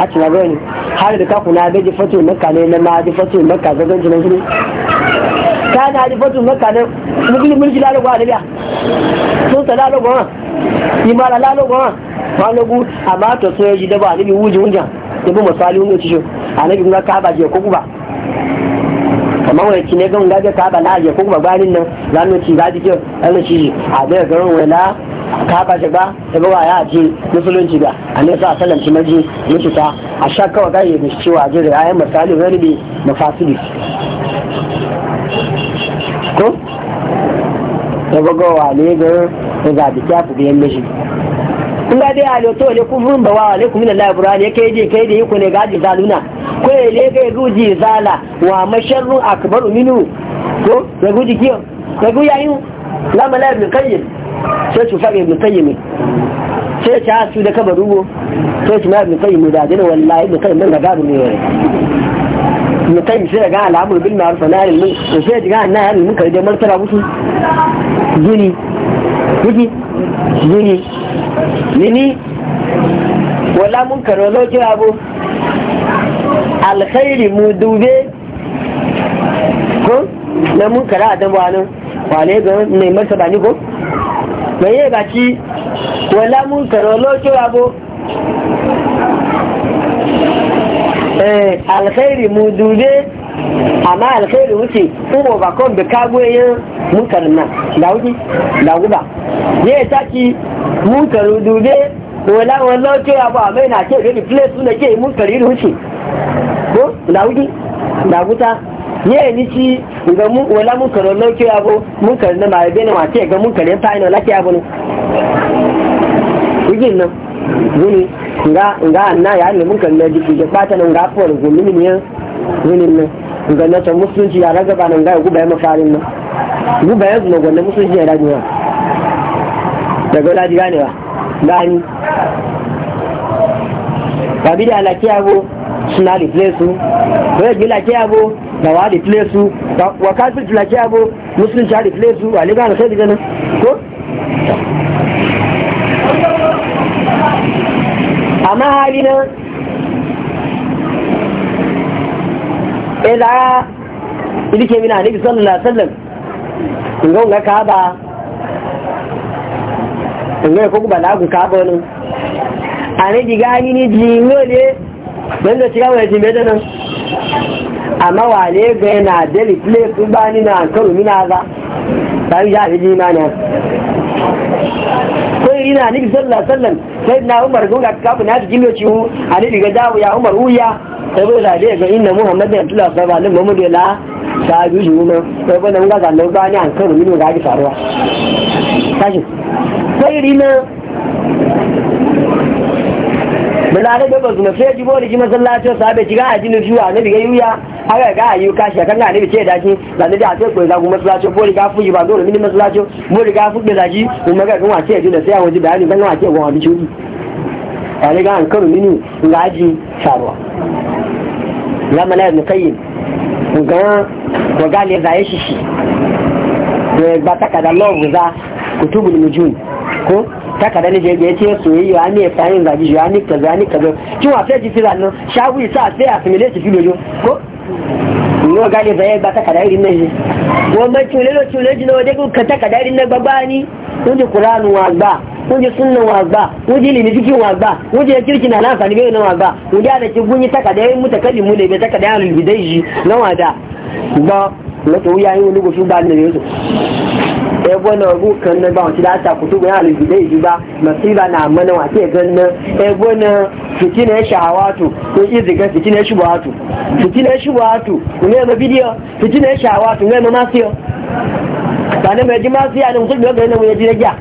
a cina gani har da ka kuna biji fatu maka ne na ma ji fatu maka ga ganci nan kuma ka na ji fatu maka ne mulki mulki la lokwa da biya sun ta la lokwa ni ma la lokwa ma logu amma to so yaji da ba ni wuji wunja da bu misali wunga ci shi anabi kuma ka ba je ko ku ba kamar wani cine ne gan gaje ka ba na ko kuma banin nan zamu ci gaji ke an shi a da garin na ka ba ba ta ba ya ci musulunci ga a sa a wasallam maji yace ta a sha kawai yi da cewa da ayi misali wani bi mafasili ko da gogowa ne garin da zabi ta fi biyan mishi in ga dai alo to ne kun ba wa alaikum min Allah burani yake je kai da yiku ne gaji zaluna ko le ga ruji zala wa masharru akbaru minu ko da ruji kiyo da guji yayin la mala ibn qayyim sai su fage ibn qayyim sai ta su da kaba rubo sai su ma ibn qayyim da dana wallahi ibn qayyim da gabu ne wai ibn qayyim sai ga al'amur bil ma'ruf wa nahy munkar sai ga nahy mun munkar da martaba musu gini gini yini yini wala mun karo lokacin abu alkhairi mu dube ko na mun kara a dan wani wale ga mai masa bani ko mai yi baki wala mun karo lokacin abu eh, alkhairi mu dube amma alkhairu wuce kuma ba kawai da kagoyin mutanen nan da wuce da guda ne ta ki munkarin dube wala wallo ce ya ba mai na ce da replace su da ke da wuce ko da wuce da guta ne ni ci ga mun wala munkarin lauke abu munkarin na mai bene ma ce ga munkarin ta ina lake abu ne wujin nan guni nga nga na ya ne mun munkarin na jiki ga fata nan ga fuwar gumi ne winin nan gwamnatin musulunci ya raga ba nan gaya guba ya makarin nan guba ya zuwa gwamnatin musulunci ya rajuwa daga laji ganewa gani ba bi da alakiya ko suna da replace su ya yaji lakiya ko da wa replace su wa kafin lakiya ko musulunci ya da replace su wa ligana sai diga nan ko amma hali na ila ilike mina nabi sallallahu na wasallam kun ga ka ba kun ga ko ba la ku ka ba ne ane diga ni ni jingole dan da shiga wani jimbe da nan amma wale ga yana da replay sun ba ni na karu mina za ta yi ya ji mana alkhairi na nabi sallallahu alaihi wasallam sai na umar gunga kafin na jikin lokaci a annabi ga dawo ya umar huya sai bai zade ga inna muhammadin abdullahi sallallahu alaihi wasallam muhammadu la ta yi shi ne sai bai nan ga nan ba ni an karo minu ga ji faruwa sai na bilare da bazu na sai jibo da ji masallaci sa bai shiga ajin juwa ne daga yuya haka ga ayu ka shi kan ga ne ce da shi da ne da sai ko da kuma masallaci ko riga fuji ba dole mini masallaci mu riga fuji da ji kuma ga kuma ce da sai waje bayani kan wa ce gwa wani shuri a ga an karu mini ngaji sharwa ya na ibn kai ga wa ga le zai shi shi eh, ba ta takada love za kutubul mujun ko takada ne je ya ce soyayya ne fayin zaji ya ni kaza ni kaza kin wa sai ji filan nan shawi sa sai assimilate fi dojo ko no gale zai ba takada irin nan ko mai tule lo tule ji no de ku ka takada irin nan babani kun ji qur'anu wa ba kun ji sunnan wa ba kun ji limi cikin wa ba kun ji kirki na nan fani bai nan wa ba kun ji da ki gunyi takada yin mutakallimu ne bai takada yin bidai ji nan wa da ba wato yayin wani gushu ne yau ya bane ru kan na ba wani lata kutu ga halin gida yi ba masiba na mana wa ke gan nan ya bane fitina ya shahawatu ko iziga fitina ya shubatu fitina ya shubatu ne ma bidiyo fitina ya shahawatu ne ma masiyo ba ne ma ji masiya ne mutum ya ga ne mu ya ji ragiya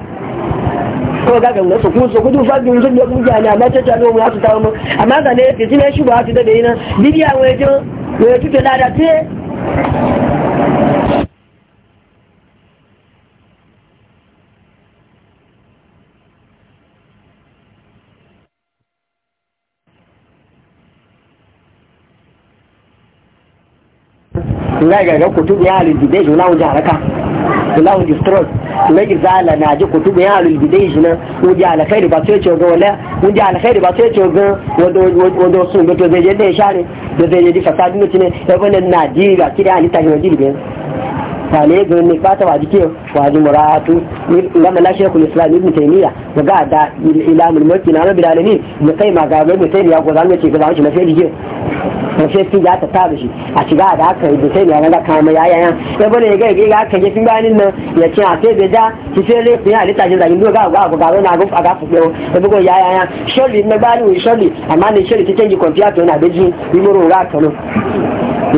ko ga ga nasu ku so ku du fadi mun zuwa mun jani amma ta tano mu ya su tawo amma ga ne fitina ya shubatu da dai nan bidiya wai je wai tuke lada te wallahi ga kutubu ya halin bidai shi wulawun jaraka haraka wulawun ji stress na ji zala na ji kutubu ya halin bidai shi nan wuji alkhairi ba sai ce ga wala wuji alkhairi ba sai ce ga wado sun gato zai je dai share da zai je ji fasadi mutu ne ya bane najeriya kida halitta ga jirgin tale ga ne fata wa jike wa ji muratu lama la shekul islam ibn taymiya ga ga da ilamul mulki na rabbil alamin mu kai ma ga mai taymiya ko zan ce ga zan ce na sai jike karshe sun ya ta taru shi a shiga da aka yi dusai da yana kama ya yaya ya bane ya gaya ga aka je sun bayanin nan ya ce a sai bai da ki sai rai fiye a lita jin zagin duka ga abu gaba na gufa ga fuɗewa ya bugo ya yaya shirri na bani shirri amma ne shirri ta canji kwamfiya to yana da ji yi muru ra kano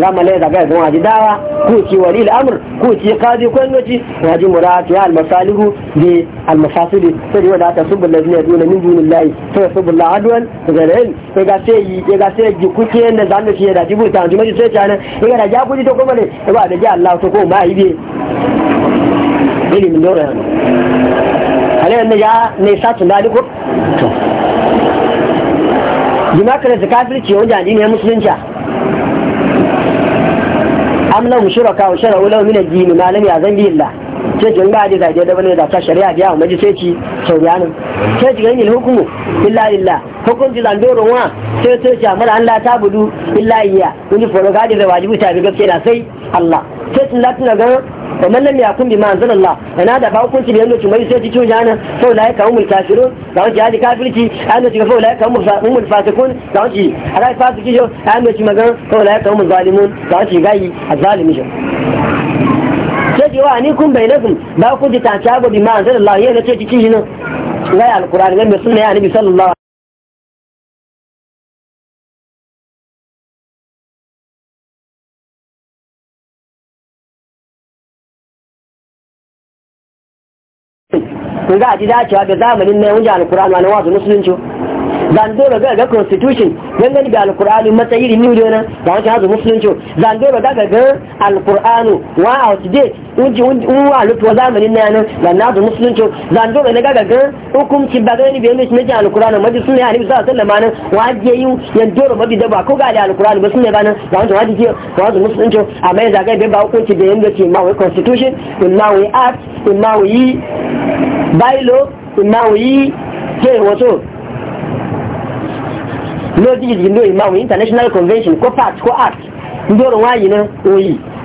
ga malai da ga waji dawa ko ci wali al'amr ko ci qadi ko noci ya ji muratu ya al-masalihu bi al-mafasili sai wanda ta subul ladina yaduna min dunillahi sai subul adwan ga ran sai ga sai yi ga sai ji kuke ne zan da da jibu ta ji mai sai tana ga da ja kuji to kuma ne ba da ji Allah to ko ma yi be ilimin dora halayen na ya ne sa tunani ko to jima kare zakafirci wajen addini musulunci am lahum shuraka wa shara'u lahum min ad-din ma lam ya'zan bihi Allah sai ba ga ji zage da bane da ta shari'a biya wa majiseci sauriyanin sai ji ganin hukumu illa illa hukunci zandoro wa sai sai ci amara an lata budu illa iya wani foro gadi da wajibu ta bi gaske da sai Allah sai tun latin ga wa ya kun bi bima anzalallah allah da hukunci biyan lokacin mai sai ci cikin jana sau la yaka umul kafirun da wani jihadi kafirci an ci fa la yaka umul fasikun ga wani alai fasiki yo an ci magana sau la yaka umul zalimun ga wani gayi azalimi sai ji wa ni kun bai nafin ba ku ji ta abu bi ma zai Allah yana ce cikin nan ga alkur'ani ga sunna ya annabi sallallahu kun ga a ji dacewa ga zamanin na yawan jihar alkur'ani wani wasu musulunci zandoro ga ga constitution gangani da alkur'ani matsayi da new dona da wancan hazu musulunci zandoro ga ga alkur'ani wa date unji wa lutu zamani na nan ga na hazu musulunci zandoro ne ga ga hukumci ba gani biyan ne shi alkur'ani maji sunna ya nabi sallallahu alaihi wasallam wa je yu yandoro mabi da ba ko ga alkur'ani ba sunna ba nan da wancan hazu ke da hazu musulunci amma yanzu ga ba hukunci da yanda ce ma wai constitution in ma wai act in ma wai bylaw in ma wai ke wato lójijì ló ìmáwò international convention kó part kó act ń dóorùn wáyé náà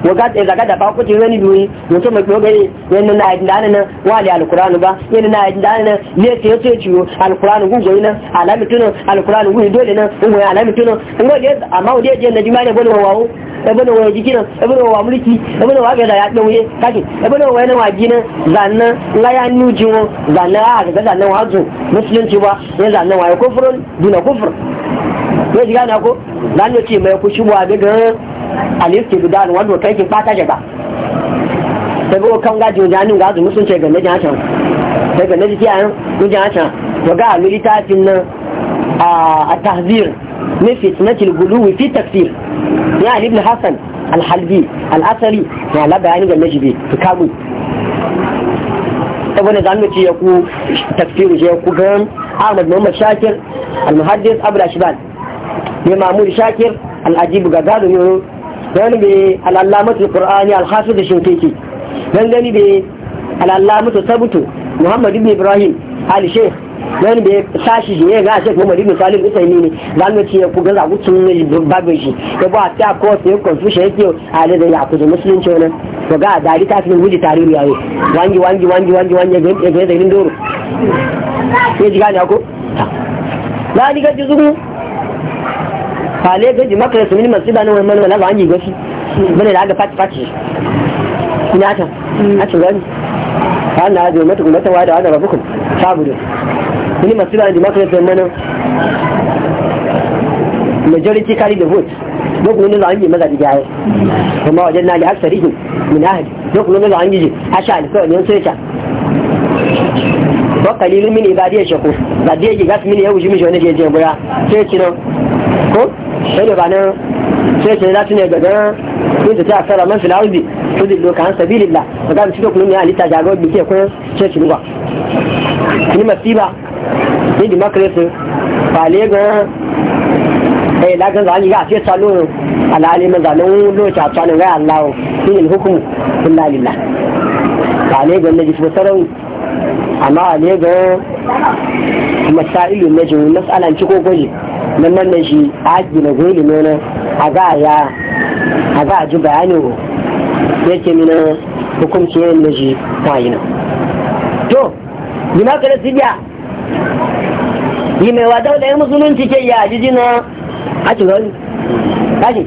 wakati eh, zaga da ba kuce wani duyi mutum mai dogare yana na ajin dana nan wali alkurani ba yana na ajin ana nan ne ce yace ciwo alkurani gun goyi nan alamitun alkurani gun dole nan gun goyi alamitun ngo de amma je na jimane bolo wawo e bolo wawo jikinan e bolo mulki e bolo wawo ya dauye kake e bolo wawo waji nan zannan laya nujiwo zannan a ga zannan wazo musulunci ba ne zannan wayo kufrun duna kufur ne jiga na ko zanno ce mai kushi wa daga aliski gudan wanda kai ki fata shiga sai go kan gaji wajen ga azumin sun ce ga na jahan daga na jiki a wajen can to ga militatin nan a tahzir min fitnatil guluwi fi tafsir ya ali ibn hasan alhalbi al'asari na la bayani ga najibi to kamu saboda zan mace ya ku tafsiru ya ku ga Ahmad Muhammad Shakir al-Muhaddis Abu Ashbal ne Mahmud Shakir al-Ajib ga gado ne dan be al'allamatu qur'ani al-hafiz shinkiki dan gani be al'allamatu sabutu muhammad ibn ibrahim ali sheikh dan be sashi je ga sheikh muhammad ibn salim usaini ne dan ne ce ku ga za ku tun ne babban shi da ba ta ko sai confusion yake a da ya ku da musulunci wannan to ga dari ta fi wuji tarihi yayi wangi wangi wangi wangi wangi ga ga da dindoro sai ji gani ko na diga ji zuru kale gaji maka su mini masjida ne wani mana ba an gashi bane da aga fati fati ina ta a cin gani an na ajiye mata kuma ta wada bukun rabukun sabudu mini masiba ne maka su mana majority kari the vote duk ne za an yi maza digaye kuma wajen na da aksarihin min ahadi duk ne za an yi a sha alkawai ne sai ta wa qalilun min ibadiyya shakku ba dai ga min wuce jimi jone je je bura sai kiran sai da ba nan sai ce za su ne ga daga sun ta asara man fil ardi tudil lo kan ba daga mu cikin kullum ya halitta jago bi ke kun ce shi ruwa ni ba ni di makarisu ba le ga eh la ga zani ga sai salo alali ma zanen lo a tsano ga Allah ni al hukumu sun lalila ba le ga ne ji sarau amma le ga masailu ne ji masalan ci ko goje na man na shi aji na goyi nuna a ga ya a ga ji bayanin ko ke mina hukunci yin na shi kwayi na to gina ka da sibiya yi mai wa daular musulunci ke yi a jijina a cikin kaji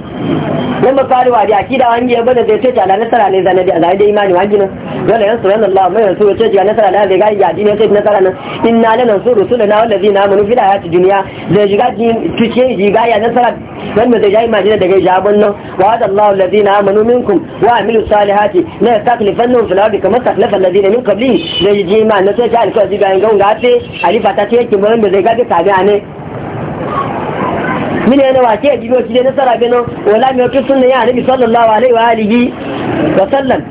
nan ba faru wa da akida wani ya bada zai ce ala nasara ne zane da zai da imani wani nan dole yan sunan Allah mai rasu ce ga nasara da zai ga ya dine sai nasara nan inna la nansuru rusulana wal ladina amanu fil hayati dunya zai shiga din tuce ga ya nasara wanda zai ga imani daga jabun nan wa hada Allah ladina amanu minkum wa amilu salihati la yastaklifannahum fil ardi kama taklafa alladina min qablihim zai ji imani sai ga alƙawari ga ga ce Ali ce yake mun da zai ga ta ga ne mini yana wace ya jibi wace na sara bino wala mai wata sunna ya nabi sallallahu alaihi wa alihi wa sallam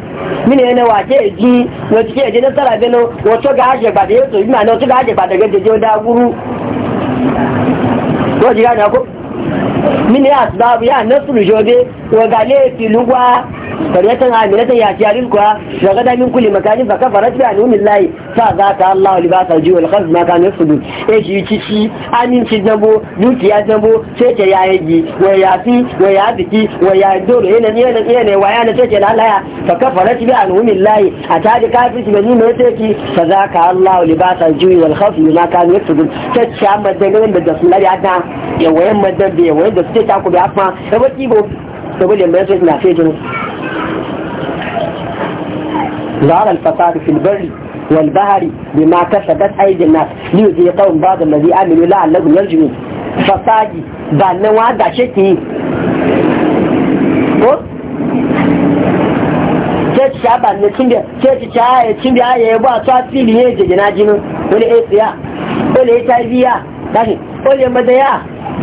mini yana wace ya ji wace ya ji na sara bino wato ga ashe ba da yau to ina wato ga ashe ba da gaje je da guru ko ji gane ko mini ya asbabu ya nasru jode wa gale filugwa faryatan amilatan ya ci alim kuwa da gada min kulli makalin fa kafarat bi anumin lahi fa za ta Allah li ba ta ji wal khalq ma kan yasudu e ji ci ci amin ci jambo duki ya jambo sai ta ji wa ya fi wa ya diki wa ya dole ina ne ne ne wa ya ne sai ta lalaya fa kafarat bi anumin lahi a ta ji kafi ci bani mai sai fa za ka Allah li ba ta ji ma kan yasudu ta ci amma da ne da da sunan ya ta ya wayan madan da ya wayan ta ku da afa da سبيل ما يجب نعفيه جنوب ظهر الفساد في البر والبهر بما كسبت أيدي الناس ليذيقهم بعض الذي آمنوا لا لهم يرجموا فساد بأن وعد عشته قلت كيف شعب أن تنبع كيف شعب أن تنبع يبوى تواتي ليهجة جناجين قولي إيه يا قولي إيه, إيه تايبي يا قولي إيه مدى يا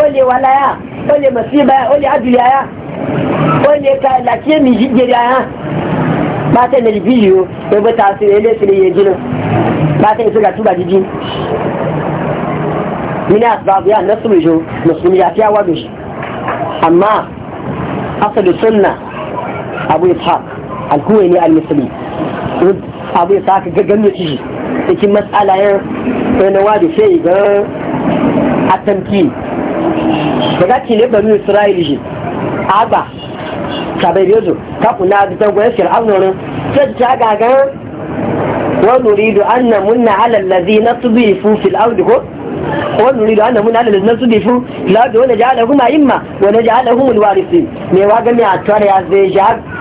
قولي إيه ولا يا قولي مصيبة يا قولي عدل يا wanda ka la lafiya mi ji gari ha ba ta na biyu ya ba ta su ele su ne ya jina ba te isa ga tu ba ji jiji mina asbabu ya nasu mi jo mi ya ti awa bi amma asali sunna abu ishaq alkuwai ne al-musulmi abu ishaq gaggan da shi cikin matsala yan wani wadi sai ga atamki daga kile banu isra'ili shi aba sabai yozo ka kuna da tagwayar fir'aun nan sai ta gagan wa nuridu anna munna ala allazina tudifu fil ardi ko wa nuridu anna munna ala wani tudifu la da ma ja'alahum a'imma wa naj'alahum alwarithin me wa ga mi a tare ya zai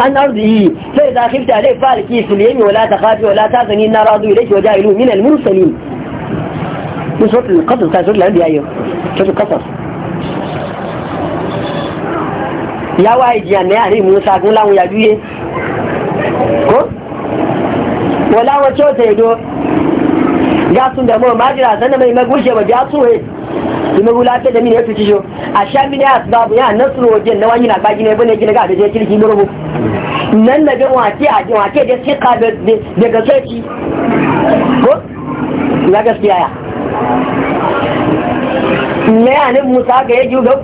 an arzihi sai da khifta alai ya wa ajiya ko mai magushe ba kuma wulata da mini ya tuci jo a sha mini ya asbabu ya wajen na wani na baki ne bane gina ga da je kirki murhu nan na ga wace a jin wace da sika da ga ko ya gaskiya ya me ya ne musa ga yaji ga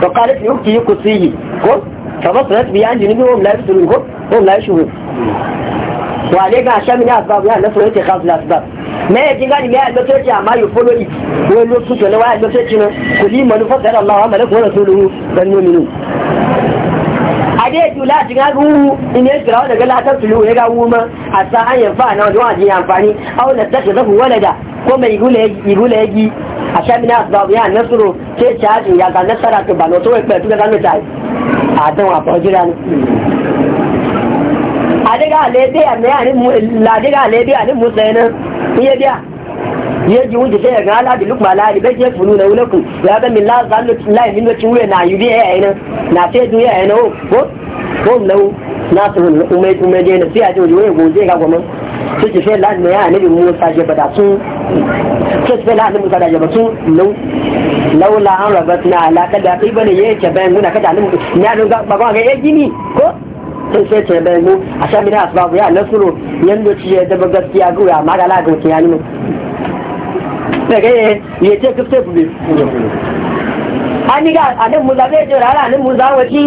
to qalat yukti yuksihi ko tabassarat bi an jinibi wa la yusrun ko ko la yashuru wa alayka sha mini asbabu ya nasru wajen khas la asbab mẹ́yẹ̀ tí gáàdì mẹ́yà lọ́tọ́ tí a máa yóò wọ́n ló tún tẹ̀lé wáyà lọ́tọ́ tí náà kò ní ìmọ̀ ní fọ́sẹ̀rẹ̀ aláwọ̀ amẹ́lẹ́kùn rẹ̀ tó lóhun gani omi nù. adé láti ká wú ilé ìgbà wọn lẹ́gẹ́ látọ́ rẹ̀ ká wú mọ́ àti àyẹ̀fà náà ni àti àǹfààní àwọn lẹ́tọ́ tẹ̀sọ́kù wọ́n lẹ́dà ko mai igule a shamina ba ya nasuru ke caji ya ga nasara to ba no to pe tu ga mi a dan ni adiga le de ya me ani mu la adiga le de iya biya ya ji wuce sai ga ala da lukma la ribe ke funu na wulaku ya ga min la zallu min wuya na biya ya yana na sai duniya yana oh, ko ko na su umai umai dai na sai ji ga su ya nabi musa je da su su musa da je su laula an ala bayan guna kada ne ga ba ga ya gini ko sai sai ce bai mu a sha mina asbabu ya nasuru yanda ci ya daba gaskiya ga ya ma ga la ga kiyani mu daga yi ye ce ku sai bi ani ga anan mu zabe ce rara anan mu zawaki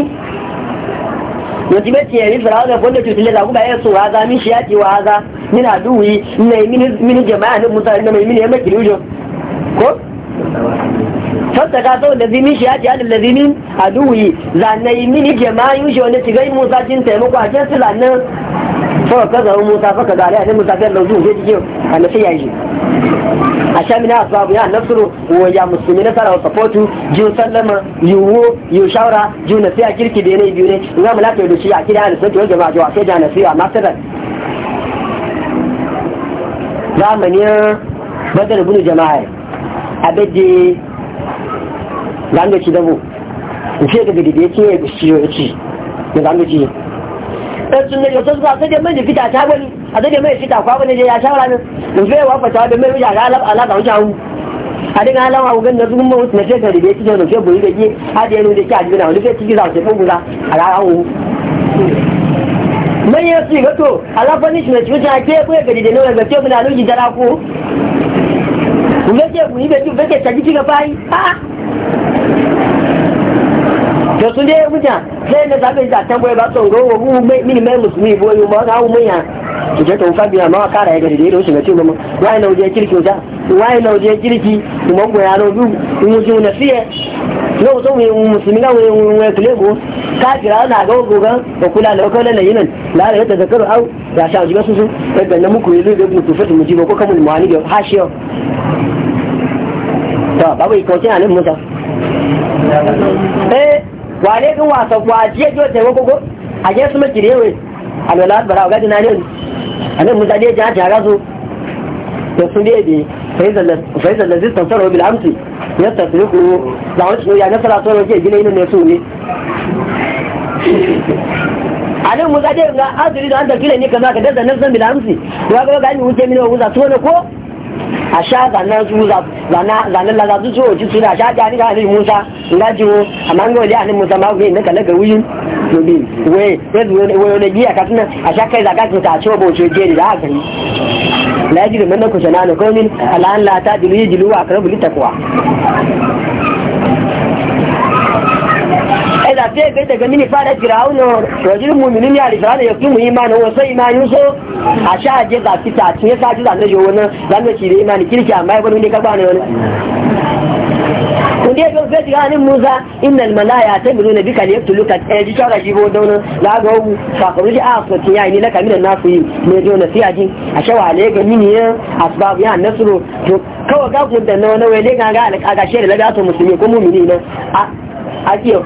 yanzu bai ce yayin firawa da gwamnati tilile za ba yin tsora za min shi ya ce wa haza mina duwi na yi mini jama'a na mutane na mai mini ya maki ko Fasaka ka sau da zini shi ya ce alin lazini a duwuyi zanai mini ke ma yi shi wani shigai musa cin taimako a cikin lannan faka kaza wa musa faka da alai musa kan lauzu zai jikin a na sai shi a sha mina asbabu ya nafsuru wa ya musulmi na sarawa sapotu jiyo sallama yiwo yi shawara jiyo nasiya kirki da yanayi biyu ne in ga mulaka da shi a kira da sunta wajen majuwa sai da nasiya amma sadar zamanin badar bunu jama'a a bade zan da ci dabo in ce daga dide ya ci ya ci ya zan da ci ɗan sun daga sun zuwa sai dai mai fita ta gwani a sai mai fita kwa bane ya shawara nan in fiye wa fata da mai wuce a alaba wuce hawu a dinga halawa a wugan na zuwan mawuce na fiye da dide ci da nufe buri da ke a da ke a jibina wani fiye ciki za su fi guza a rara hu manyan su gato alafani shi na cikin a ke kuwa ga dide nawa ga ke muna nuji jara ko Ubeke ku ibe tu beke tajiki ga to su dai wuta sai na zaɓe da ta goyi ba tsoro wa mu mini mai musulmi bo yi ma ga mu ya ki ta to fabi ma kara ya gari da yau shiga cewa mu wai na waje kirki wuta wai na waje kirki mu mun goya ro du mu ji na fiye no to mu musulmi na wai wai go ka jira na ga go ga da kula da ko lalle yinan la da ta zakaru au ya sha jiga su su daga na muku yi da mutu tufatu mu ji ko kamun mu ani da hashiyo to babu ikotin alim mu ta wale kan wasa kwaje jo te ko a je su maki rewe alwala bara ga dina ne anan mun dade ja ja gazo to su ne bi faizal lazi tansaro bil amsi ya tasriku da wani ya nasara to ke gina ina ne su ne anan mun dade ga azuri da an da ne kaza ka da nan san bil ga ga wuce mini wuza to ne ko a sha zanen su zanen laza su ciwo ci suna sha jani ga hannun musa nga a amma nga wani hannun musa ma kuyi naka laga wuyin yobi wai wai wani biya ka suna a sha kai zaga su ta ciwo ba wuce jeri da haka yi la yaji da manna kusa na na komin ala'an lata dilu yi dilu wa karabu littakuwa ya fiye kai daga mini fada firawuna rajul muminin ya rifa da yafi mu imanin wasu imanin so a sha aje za fi ta tun ya sa ji zanen shi wani zanen shi da imanin kirki amma ya bari ne ka bani wani kun dai kan fesi ganin musa innal malaya ta bizu na bika liyar tuluka ɗaya ji shawara shi bo daunin laga wu sakamu ji a sotin ya ni na kamilan nasu yi ne zo na siyaji a shawa ne ga mini yan asbabu ya nasuru to kawai ga kun da na wani wai ne ga ga alƙagashe da lagatun musulmi ko mumini na a kiyo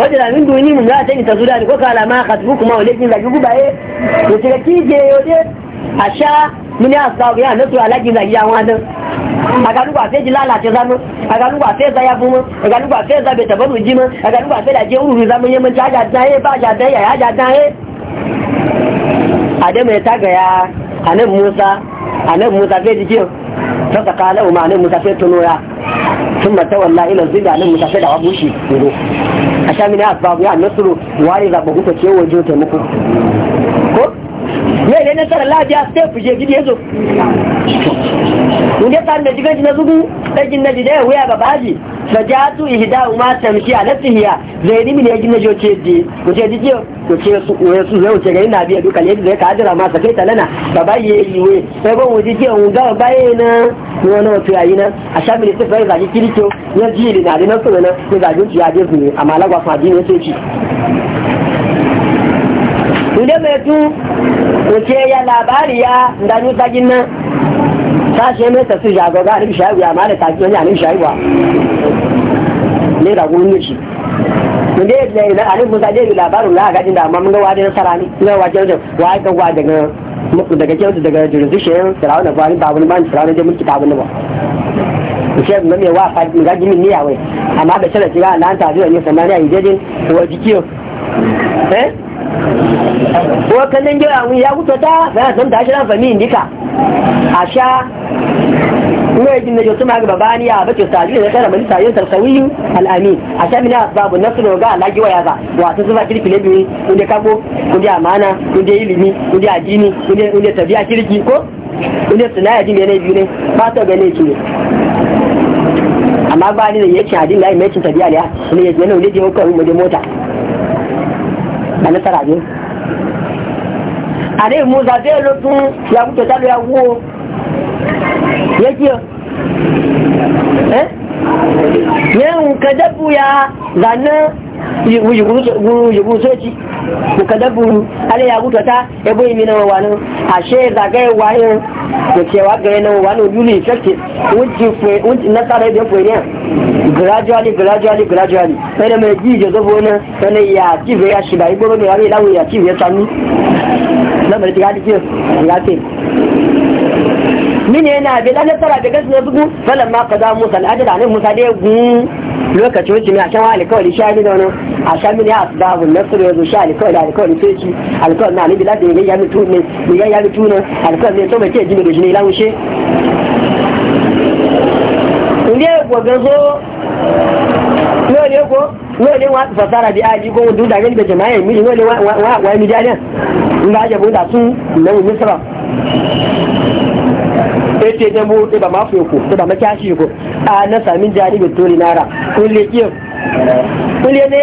wajira min duni mun za ta yi tazuda ko kala ma khatbu kuma wale kin zagi gubaye to ce ki je yode asha mun ya sa ya nasu alaji zagi ya wadan aga lugba fe ji lalace zamu aga lugba fe za ya bu mu aga lugba fe za be tabaru ji mu aga lugba fe da je uru zamu yemin ta ga dan ba ja dan ya ja dan e adamu ya taga ya anan musa anan musa fe ji ke ta kala umma anan musa fe ya. ثم تولى إلى الظل على المتفد عبوشي يقول عشان من اسباب يعني نصر وارد أبوك تشيو وجوه تيمكو idan nasarar lafiya sai fuje gidi ya zo mun ya tsari da jigaji na zugu ɗagin na wuya ga baji fajatu ihda ma tamshi ala tihiya zaini min yaji na joce di ko ce dike ko ce su ko su zai wuce gari na biya duka ne zai ka dira ma sakai talana baba ye yiwe baba ban wuce ke un ga baye na ko na wato yayi na a sha min na ya tu na ya ta ce mai ta su jago ga alibi shayi ya mara taki wani a shayi wa ne da gurin nuci mun dai da ina alif musa dai labarin na gajin da amma mun wajen fara ne na wajen da wa ga wa daga daga kyautu daga jirgin firawun da babu man da mulki babu ba mai wa fa ga wai amma da shirin zuwa ne ya yi jejin wakan nan gira mun ya kuta ta zana san ta shirin fami indika a sha kuma yajin na jotu maga babani ya bace saji da tsara malisa yin sarsawiyu al'amin a sha mina babu na da ga alagi waya ba wato zuba kirki na biyu kunde kago kunde amana kunde ilimi kunde ajini kunde kunde tabiya kirki ko kunde sunaya jin ne biyu ne ba ta gane ki ne amma ba ni da yake hadin layi mai cin tabiya ne ne yake ne wuri da yau kan mu da mota ba na taraje àní musa bẹ́ẹ̀ ló tún yakuto tálọ ya wó yẹ kí o ẹ yẹ nǹkan dẹ́bu ya lànà yugun soci nǹkan dẹ́bu alẹ́ yakuto ta ẹbú náà wà ní àṣẹ ìdàgẹ́ wà ní ìṣẹ̀wà gẹ̀rẹ́ náà wà ní ojúlé effective wọ́n ti fún wọ́n ti nẹ́sàrà ẹ̀dẹ̀ fún ẹ̀ gradually gradually gradually ẹni mẹ́jì ìjọsọ́fọ́ náà ẹni yà àtìfẹ́ yà ṣìbà ìgbóró yà àtìfẹ́ na mai tiga dike lafi mine yana bi lalle tara da gasu na bugu falan ma kaza musa da anan musa dai gun lokacin wuce ne a shan wa alkawari sha da wani a sha mini a babu na suru yanzu sha alkawari alkawari sai ci na alibi ne ya mutu ne ya ya mutu ne ne so mai ce jini da jini lawushe ne zo lóòlé kó lóòlé wá fọ̀sára bí áàjí kó dúdà gẹ́lì bẹ̀jẹ̀ máa yẹ̀ mílì lóòlé wà ní jáde ń bá jẹ̀bú dà tún lẹ́wọ̀n ní sọ́rọ̀ ete dambu ta ba mafi ko ta ba makashi ko a na sami jari bi tori nara kulle kiyo kulle ne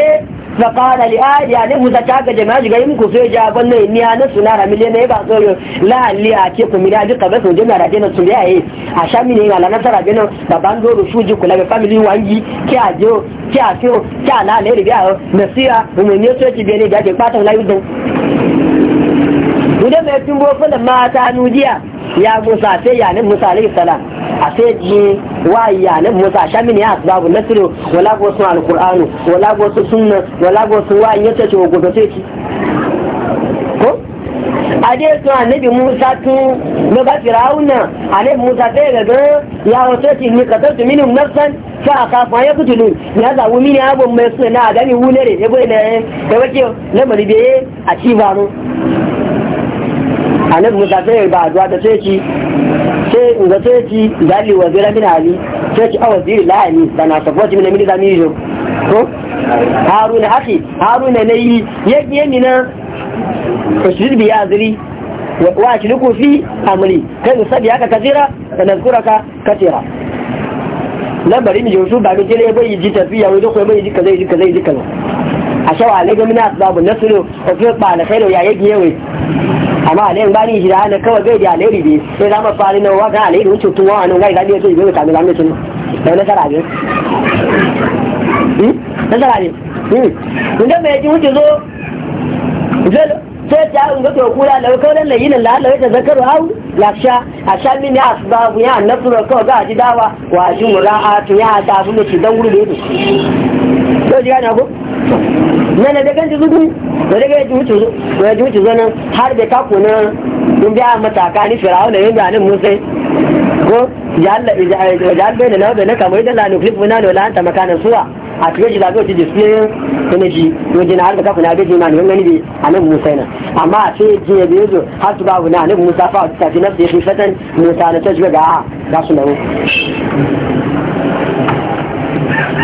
fafara li aji a ne musa ta gaje maji ga yi muku so ya ja gwanne ni a nan ba so yi a ke kuma ya duka ba su je na rajina su a shami ne ina lanar tara binan da ban zo kula famili wangi ki a jiyo ki a fiyo ki a na lairu biya na siya rumun ya soke biya ne da ke kpatan layu don gudun mai tumbo fulun mata nudiya ya musa sai yanin musa alaihi salam a sai je wayi a nan musa a shamini ya asbabu nasiru wala go sun alqur'anu wala go sun sunna wala go sun wayi yace ce go sai ci ko a dai to annabi musa tun na ba firawuna annabi musa sai ga ga ya wato ci ni katartu minhum nafsan fa akafu ya kutulu ya zawo mini abun mai suna na gani wulere ya bai na ya bace lamari be a ci ba mu anan musa sai ba zuwa da sai ci sai in ga sai ci wa zira min ali sai ci awaziri la ali sana safwati min min zami jo ko haruna akhi haruna nayi yake yemina fashid biya ziri wa shirku fi amri kai usabi haka kasira da nazkuraka katira lambari mi yosu ba mai ne bai ji tafiya wai dukwai bai ji kaza ji kaza ji kaza a shawa ne ga na asbabu ofin ba na kai ya yayi giyewe amma a alayin bani shi da hannun kawai gai da alayi ne sai zama fari na wakan alayi da hmm? hmm? wuce tuwa wani gai zaɓi ya ce ibe mutane zamu cin da nasara ne nasara ne inda mai yaji wuce zo sai ta in gato kura da kawai da yin la la ta zakaru au laksha a sha mini a su asbabu ya da kawai ga ji dawa wa jin mura'atu ya ta sun da don dan da ne yau ji gane ko na na daga ji zugu da daga ji wuce da ji wuce har da ta na in biya mataka ni firawo da yin da nan musai ko jihar bai da na da na kamar da lanu clip na lola anta makanan suwa a cikin ji cikin wata display kuma ji jina har da kafa na gaji ne gani bi a nan musa na amma a ce ji ya yanzu har su babu na nan musa fa ta ya fi fatan musa na ta ga a ga su nan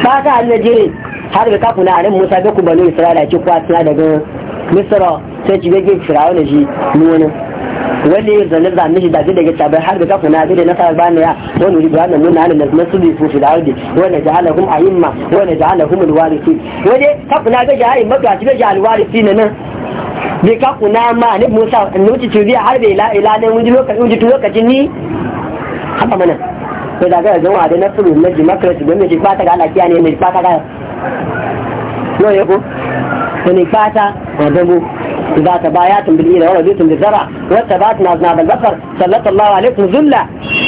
ba ta hannun jirin har da kafin a anan musa ga ku banu isra'ila ki kwa tsina daga misra sai ki gege fir'aun shi nuna wani yin zanen zanen shi daji daga tabai har da kafin na zai da nasarar bani ya wani ribu wani nuna hannun da masu bi su fir'aun da wani kuma ayin ma wani da ja'ala hum su wani kafin na ga ja'ayin mabiya ki ga ja'alwarisi na nan bai kafu na ma ne musa ne wuce cibiya har da ila ila ne wani lokacin lokacin ni haka mana ko da ga zama da nasarar na jimakar su gwamnati ba ta ga alaƙiya ne mai ba ta ga no ya ko to ne fata a dabo za ta ba ya tambi ila wala zai tambi zara wata ba ta nazna da gafar sallallahu alaikum zulla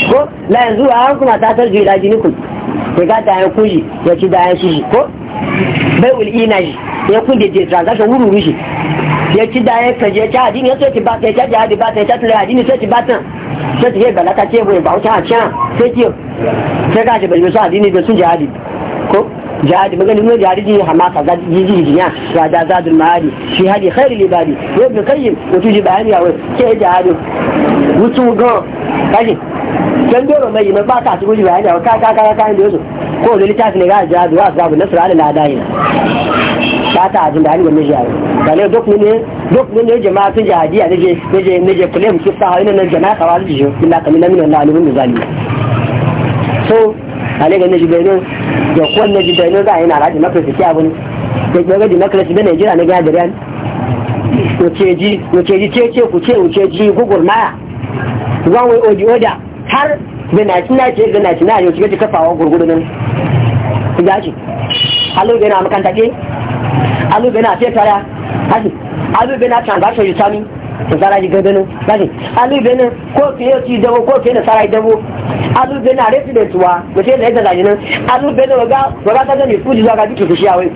ko la yanzu a an kuma ta tarju ila jinikum ya ga ta ya ya ci da ya kuji ko bai wul ina ya kuje je wuru ya ci da ya kaje ya ya ci ba ta ya ci hadini ba ta ya ci hadini sai ci ba ta sai ce balaka ce bai ba a can sai ce sai ga ce bai wusa hadini da sun ji hadini ko jihadi magani ne jariji hamasa ga jiji jinya ya da zadul maali shi hadi khairul ibadi ya ibn qayyim wato ji bayani ya wai ke jihadi wutu go kaji kan doro mai mai ba ta su guji bayani ya ka ka ka ka da yoso ko da litafi ne ga jihadi wa zabu nasr ala ladai ba ta ajin da hali wannan jihadi bale duk ne duk ne ne jama'a su jihadi ne je ne je ne je kulem su sa hawo ne jama'a kawai ji illa kamina min Allah alimin zalimi so ale ga naji bayanin da kwan naji bayanin za a yi na rajin makarci ki abin da ke rajin makarci da najeriya na gada yan wuceji wuceji cece ku ce wuceji gugul maya zan wai oji oda har da na cina ce da na cina yau shiga ta kafawa gurgudu nan ku gashi halu bai na makanta halu bai na fetara halu bai na transaction yi da saraji gadanu kashi alu benin ko fiye ci dabo ko fiye da saraji dabo alu benin a resident wa ba da nan alu benin waga waga ta gani fuji zuwa ga duka kushi a wai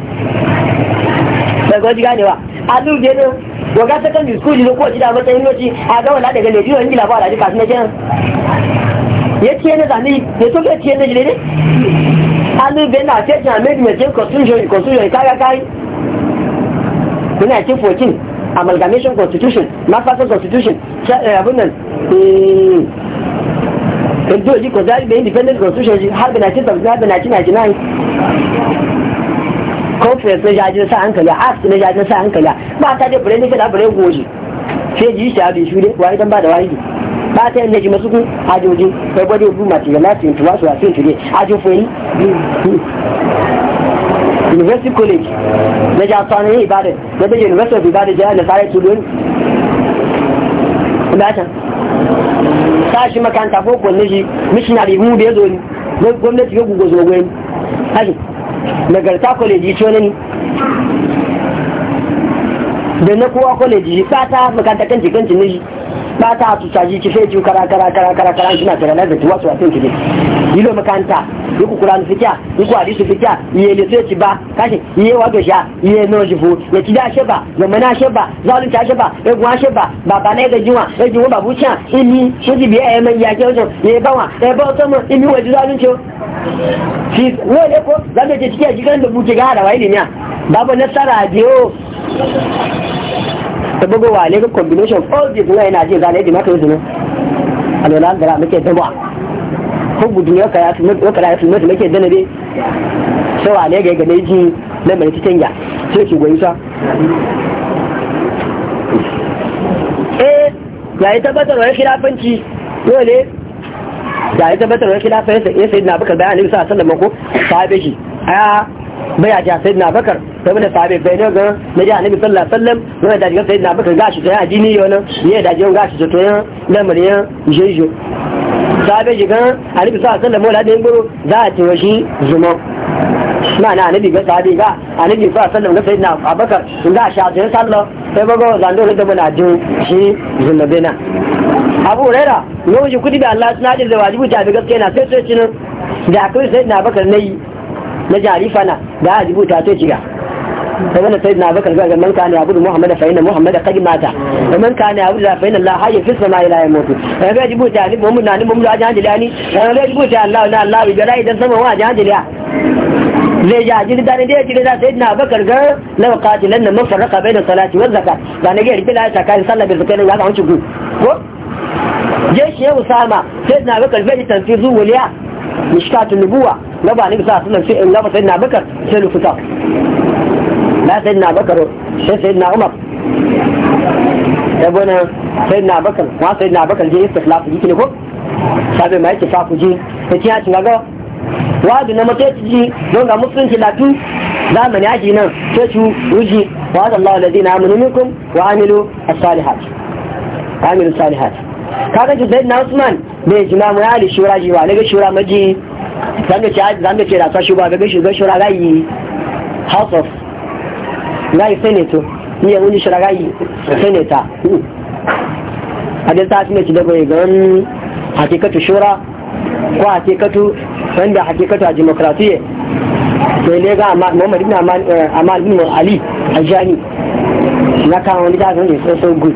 daga wajen ganewa alu benin waga ta gani fuji zuwa kowace da matsayin lokaci a ga wala daga lejiyar yin labawa da duka su na kenan ya ciye na zane ya ciye na jire alu benin a cikin na mai cikin constitution constitution kaya kai kuna cikin 14 amalgamation constitution mafasa constitution eh, abin nan kandoji eh, ko zari bai independent constitution har da 1979 da 1999 conference na jajin sa hankali act na jajin sa hankali ba ta da bure ne kada bure goji sai ji shi abin shi wa dan ba da wani ba ta yin neji masu kun ajoji kai gwada bu materializing to wasu wasu a ajo foyi university college na jasani ibadan na da university of ibadan jihar na sare tudun datan ta shi makanta ko kwanne shi missionary mu da ya zo ni gwamnati ya gugu zo gwen hashi nagarta college ce wani da na kowa college ta ta makanta kan cikin ne shi ba ta tuta ji ki sai kara kara kara kara kara kina tare da tuwa tuwa tin ki ne ilo makanta duk kuran fikiya duk hadisi fikiya iye ne sai ci ba kashi iye wato sha iye no jifu ya ci da she ba zama na she ba zalu ta she ba e gwa she ba baba na ga jiwa e jiwa babu cha imi so ji biya e mai ya ke ojo ye ba wa e ba to mo imi wa zalu cho ki wo le ko zalu ke ci ya jigan da buke ga da wai ne ya babu nasara je o saboda wa ne ga combination all these na yana je zalai da maka yanzu alwala gara muke daba ko gudun ya kaya su ya kaya su mutu muke dana dai sai wa ne ga ga ne ji na mai cikin ya sai ki goyi sa eh yayi tabbatar wani khilafanci dole yayi tabbatar wa khilafanci sai na baka bayanin sa sallama ko sahabe shi a. bai a jiya sayyidina bakar saboda sahabe bai ne gan na jiya annabi sallallahu alaihi wasallam wanda da jiya sayyidina bakar gashi to ya addini yau nan ne da jiya gashi to ya lamarin ya jejo sahabe ji gan annabi sallallahu alaihi wasallam wala da yinguru za a tewa shi zuma ma'ana annabi ga sahabe ga annabi sallallahu alaihi wasallam ga sayyidina abakar ga shi a jiya sallallahu sai bago zando da muna jin shi zuma bena abu raira lokacin kudi da Allah suna jin da wajibu ta bi gaskiya na sai sai cinin da akwai sayyidina bakar yi na jarifa na da a rubuta to kiga da wannan sai na bakar ga man kana yabudu muhammad fa inna muhammad qad mata wa man kana yabudu fa inna allah hayy fi sama ila mutu da ga rubuta ni mu na ni mu da jahan da ni da ga rubuta allah na allah bi da idan sama wa ajan da zai ji ajiri da ne da yake da sai na bakar ga na wakati lan man farraqa bayna salati wa zakat da ne ga rike da kai sallah da zakat ya ga wuce ku ko je shehu usama sai na bakar bai tanfizu waliya mishkatu nubuwa na ba nabi sallallahu alaihi wasallam sai in gaba sayyidina bakar sai lufuta na sayyidina bakar sai sayyidina umar yabo na sayyidina bakar wa sayyidina bakar je istiflaf yake ne ko sabe mai yake sa ku je ta tiya ci gaga wadu na mace ji don ga musulunci latu zamani aji nan ce ci wuji wa Allah alladhina amanu minkum wa amilu as-salihat amilu as-salihat kaga ji sai nasman usman da jima ya ali shura ji wa daga shura maji zanga ce zanga ce da sa shura ga shura shura yi house of gai senator ni ya wuni shura yi senator a da ta ne ci da bai gan hakikatu shura ko hakikatu wanda hakikatu a demokratiye to ne ga Muhammad ibn Amal eh, ibn Ali Ajani na kan wani da zan so so good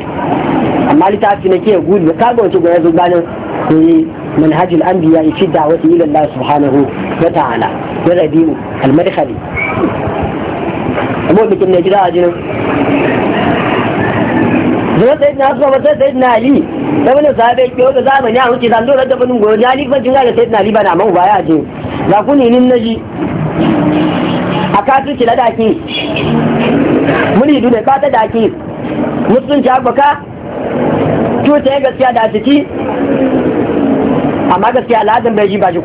amma littafi na ke gudu da ga wace gwaya zuwa ganin koyi manhajul anbiya fi da'wati ilan Allah subhanahu wa ta'ala da mu al-madkhali amma bikin ne gida a jinin zuwa sai na zuwa sai sai na ali da wani sahabe ke wata zamani a wuce zan dora da wani goyo ya ni fajin ga sai na ali ba na mu baya ce za ku ni nin naji a kafirci da daki muni dune ba ta daki musulunci agbaka cuta ya gaskiya da ciki amma gaskiya al'adar bai ji ba shi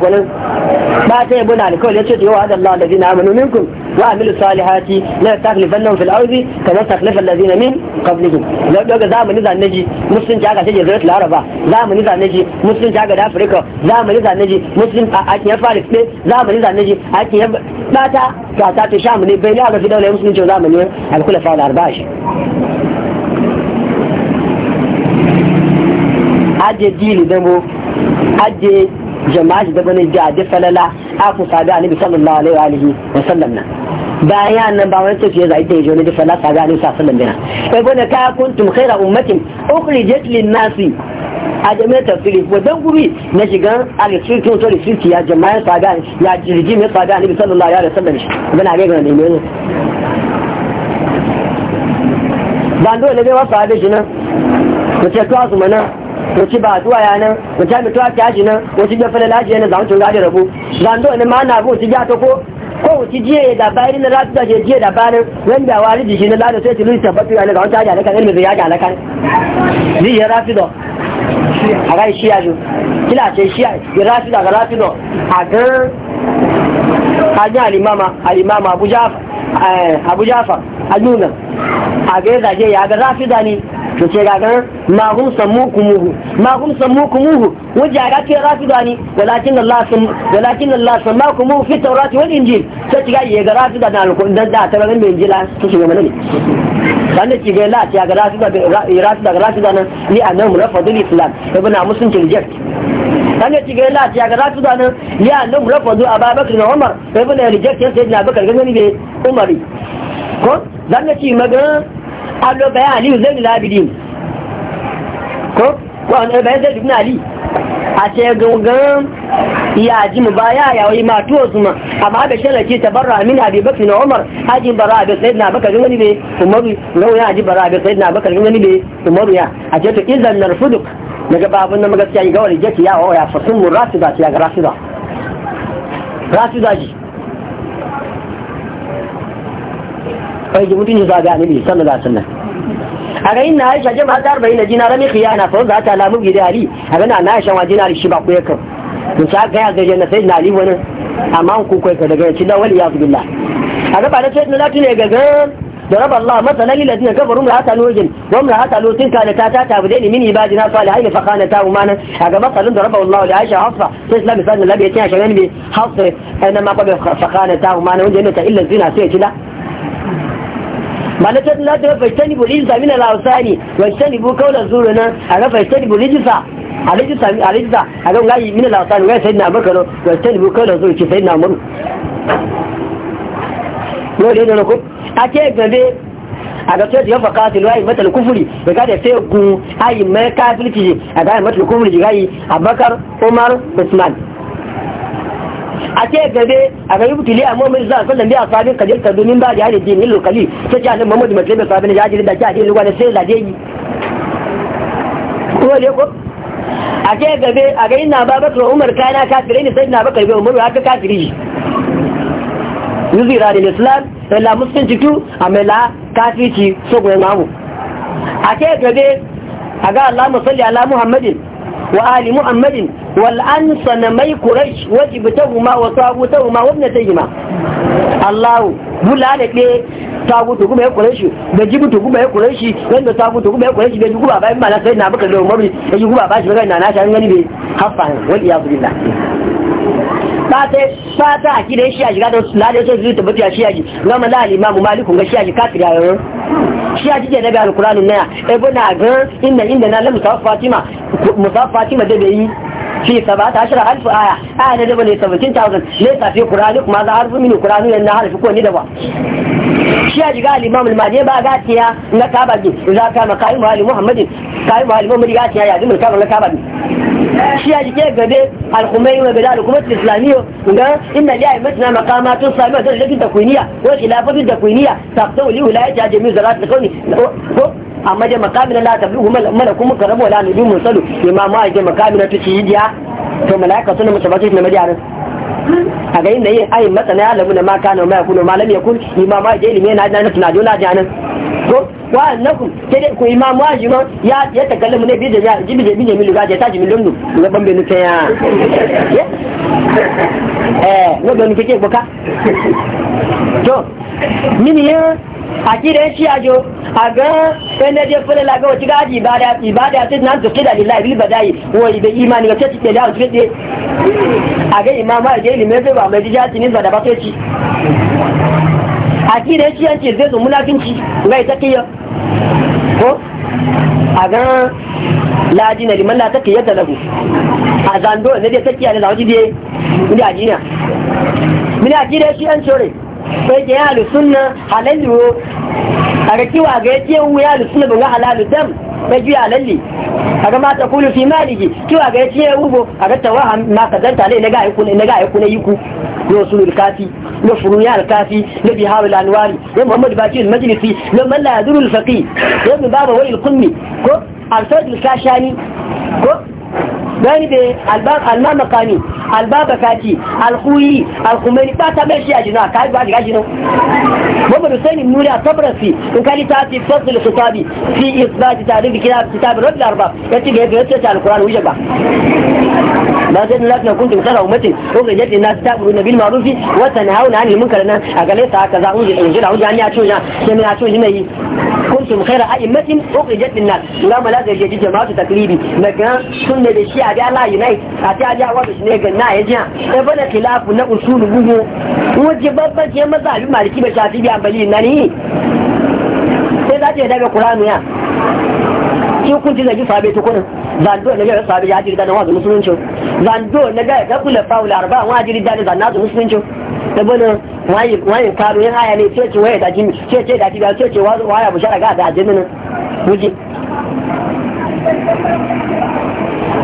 ba ta yi bunan kawai ya ce da yawa Allah da zina aminu minkum wa amilu salihati na ta taklifan nan fil auzi ka ta taklifan da zina min kablihu da ɗoga zamani zanneji musulunci aka ce jazirat laraba zamani zanneji musulunci aka da afirka zamani zanneji musulunci a akin ya fara fi zamani zanneji a akin ya ba ta ta ta sha mu ne bai ne daular musulunci zamani da arba aje dini damo aje jama'a da bane ji aje falala aku sabi annabi sallallahu alaihi wa alihi wa sallam na bayan nan ba wani tafiye zai da jone da falala sallam bina kai ka kuntum khaira ummatin ukhrijat lin nasi a jami'ar tafsiri wajen guri na to ya jama'a ya jirgi sallallahu alaihi wa sallam bana ga ga ne ne ba ne shi nan su mana wace ba zuwa ya nan wace mutu ake yaji nan wace bai fara laji yana zamu tun gadi rabu zando ne ma na bu wace ya ta ko ko wace jiye da bayarin na ratu da je jiye da bayarin wanda wari jiki na lada sai tilu tabbatu ya ne zamu ta yaji kan ilmi zai yaji alakan ni ya rafido a rai shi yaji kila ce shi ya rafido ga rafido a ga hajji Eh, abu jafa a nuna a ga ya zage ya ga rafi da ne to ce ga ganar mahun hum sammu kumuhu ma hum sammu kumuhu wajja ga ce rafi da ne walakin lakin sun walakin Allah samma kumuhu fi tawrat wani injil sai ci ga ya ga rafi da na da da ta ran injila su shiga mana ne dan ci ga la ci ga rafi da rafi da rafi da nan mu rafa rafadul islam ibn muslim reject kanga ci gaya lafiya ga zatu da nan ya nan mu rafa zuwa ba bakar da umar sai bin reject sai na bakar gangani ne umari ko zanga ci maga allo bayan ali zain labidin ko ko an eh, bayan zain ibn ali a ce gangan ya ji mu baya ya yi matu tuwa su ma amma da shi ke tabarra min abi bakri na umar haji bara abi sayyid na bakar gani ne umaru rawu ya ji bara abi sayyid na bakar gani ne umaru ya a ce to idan narfuduk daga babun na magaskiya yi gawar jeki ya waya fa sun mu rasida ya ga rasu da ji kai ji mutunci za ga bi sallallahu alaihi wasallam a ga inna aisha jama'a ta arba'in jina rami khiyana fa za ta lamu gidi ali a ga na aisha wa jina shi ba kuya kan to sa ga ya ga janna sai na ali wani amma ku kai ka daga ci da wali ya billah a ga ba da sai na tune ga ga ضرب الله مثلا للذين كفروا امرأة نوح وامرأة لوط كانتا تعبدين من عبادنا صالحين فخانتاهما هذا مثل ضربه da لعائشة حفصة تسلم مثلا النبي يتيها عشان بحصر انما قبل فخانتاهما وجنة الا الزنا سيتلا mana ta tana ta faistani bu rijisa min al-awsani wa istani bu kaula zuruna aga faistani bu rijisa alijisa alijisa aga ngai min al-awsani wa sayyidina abakaro wa istani bu kaula zuru sayyidina umar ko ne ne ko ake gabe a ga cewa yafa katil wa matal kufuri da ga da sai gu ayi mai kafirci a ga matal kufuri ji a bakar umar usman a ce gabe a ga yi butuli a momin za sallan bi asabin kajil kadumin ba da hadi din lokali sai ya nan muhammad mace da sabin ya ji da ki hadin lugwa da sai lade yi ko le ko a ce gabe a ga yi ina babakar umar kana kafirai ne sai na bakar bai umar haka kafiri yuzira da islam ila musulunci tu a mai la kafici sogo ya mamu a ke gade a ga Allah musalli ala muhammadin wa ali muhammadin wal an waji bi tahuma wa tahuma wa ibnatayhima Allah bula da ke tagutu kuma ya kureshi da jibutu kuma ya kureshi wanda tagutu kuma ya kureshi da jibu baba ma na sai na baka da umaru da jibu baba shi ga na na an gani bai haffa wal iyad billah fata a kidan shi a shiga da wasu lalai sun zuta mutu ya shi yaji gama la alimamu malikun ga shi yaji kafir ya yaro shi yaji ke daga alkurani naya ebe na ga inda inda na lamusa fatima musa fatima da bai yi fi sabata ashira alfu aya aya na daba ne 17,000 ne safi kurani kuma za a harfi mini kurani yana harfi ko ni da ba shi ya jiga al'imamul maje ba ga tiya na kaba bi za ka ma kayi muhammadin kayi muhalli muhammadin ga tiya ya zimin kaba na kaba bi shi ya jike gabe al-kumayi wa bada al-kumatul islamiyya ko ga inna li aimatna a sami'a da lakin takwiniya wa khilafatu zarat kauni ko amma je makamin la tabluhu malakum karamu wala nujum mursalu imama je makamin tu ci diya to malaika sunna mutabati na a ga inda yin ayin matsana ya lamu na maka na ma yakunu ma lam yakun imama je ilimi na na tunajo na janan wa annakum sai dai ku imam wajiban ya ya takallamu ne bi da ya jibi da bin milu gaje ta jimin lungu ga bambe ne taya eh ne ban kike baka to mini ya akida shi ajo aga ene je fule la ga watiga aji ibada ibada sai nan to kida lillahi bil badai wo ibe imani ga tati da dawo tide aga imam ma je ilimi ba mai jati ni ba da ba sai da ya yanke zai zo munafinci ga ita kiyar ko a gan laji na liman la ta kiyar da lagu a zando ne da ta kiyar da zawaji biye mini a jiniya mini a da ya yanke ore sai ke yana sunna halalli wo a ga kiwa ga ya ce wuya da sunna bin halalli dam sai juya halalli a ga mata kulu fi maliki kiwa ga ya ciyan wubo a ga tawa ma kadanta ne na ga yi kuna yi ku yosu lulkafi لفرويا الكافي نبي هاو الانواري يا محمد باكي المجلسي يا من لا يدر الفقي يا ابن بابا ولي القمي كو الفرد الكاشاني كو داني بي الباب الما مقاني الباب كاتي الخوي الخميني با تمشي يا جنا كاي باجي كاي جنو بابا حسين النوري اصبرسي ان كان تاتي فضل الخطابي في اثبات تعريف كتاب كتاب الرب الارباب يتي بيتي القران ويجبا ba sai Allah na kuntum tsara umarci ko ga yadda na ta buru nabil ma'rufi wa tanhauna 'anil munkar nan a gale ta haka za mu ji injira hujja ne a cinya sai ne a cinya ne kuntum khaira a'immatin ko ga yadda na ga malaka ya ji su takribi daga sunne da shi a ga Allah unite a ta ja wa shi ne ga na ya jiya sai bada tilafu na usulu bugu wajen babbace bi maliki ba shafi bali ambali nani sai za ta daga kur'anu ya ji hukunci zagi sahabe ta kunin zando na gaya sahabe ya jirga na wazu musulunci zando na gaya ta kula faula arba wa jirga na zanna zu musulunci da bana wayin karo yin aya ne ce ce waya da jini ce ce da jiga ce ce waya bushara ga da jini nan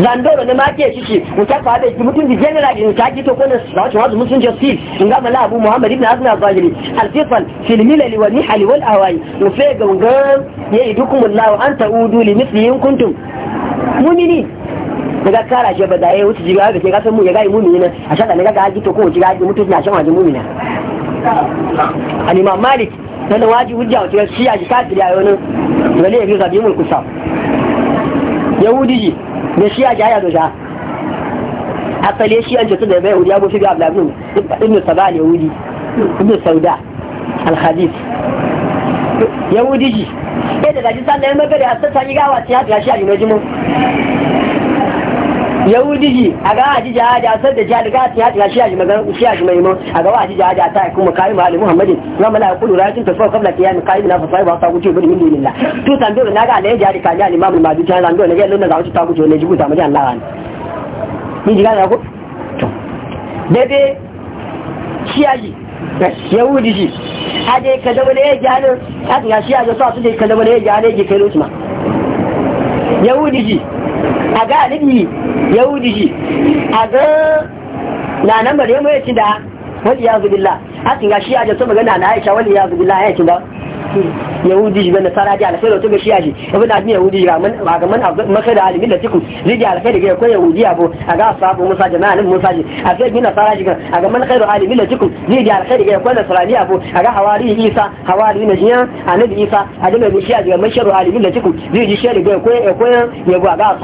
zandoro ne make shi ce wuta ka da ki mutum general in ta ki to kona da wato wazo musun jasir in ga mala abu muhammad ibn azmi az-zahiri al-fisal fil milal wal nihal wal awai mu fe ga ngan yayi dukumullahu an udu li mithli in kuntum mu'minin daga kara shi ba da yayi wuce jiga da ke ga san mu ya ga mu'mini ne a shaka ne ga ga to ko jiga ga mutum na shan wajen mu'mina al-imam malik sanan waji hujja wato shi ya ji kafiri ayo ne ya ga zabi mul kusa yahudi ji da shi a jaya da sha asali shi an jatu da bai yahudi ya goshi ga ablabin inu saba al yahudi inu sauda al yahudi ji eh, da gaji sallah ya magana a sassa yi gawa ta ya shi a jimajimin yahudi a ga aji jahaji a sar da jihar ga ta yadda shi yaji magana shi yaji mai mun a ga aji jahaji a ta kuma kai mali muhammadin wa mala yaqulu tafiya tafa qabla qiyam qaim na fasari ba ta guce bi min dinillah to san dole naga alai jihar ka ya imam al-madu ta san dole ga lonna za ta guce ne jibuta mu Allah ni jiga na ko to dede shi yaji yahudi shi aje ka da wani ya jihar a ga shi yaji sa su da ka da wani ya jihar ke kai ma yahudi ji a ga alibi yahudi ji a ga na nan ya mu yace da wani ya zubilla a tinga shi a jato magana na Aisha wali ya zubilla ya ce ba yahudi da nasara ji alkhairu to ga shi ashi ibn admi yahudi ga man ga da alimin da tiku zai alkhairu ga ko yahudi abo a ga sabu musa jama'a nan musa shi a ga nasara ji a ga man khairu alimin da tiku zai alkhairu ga ko a ga hawari isa hawari na jiya isa a mai ga alimin da tiku zai ji shi ga ko ga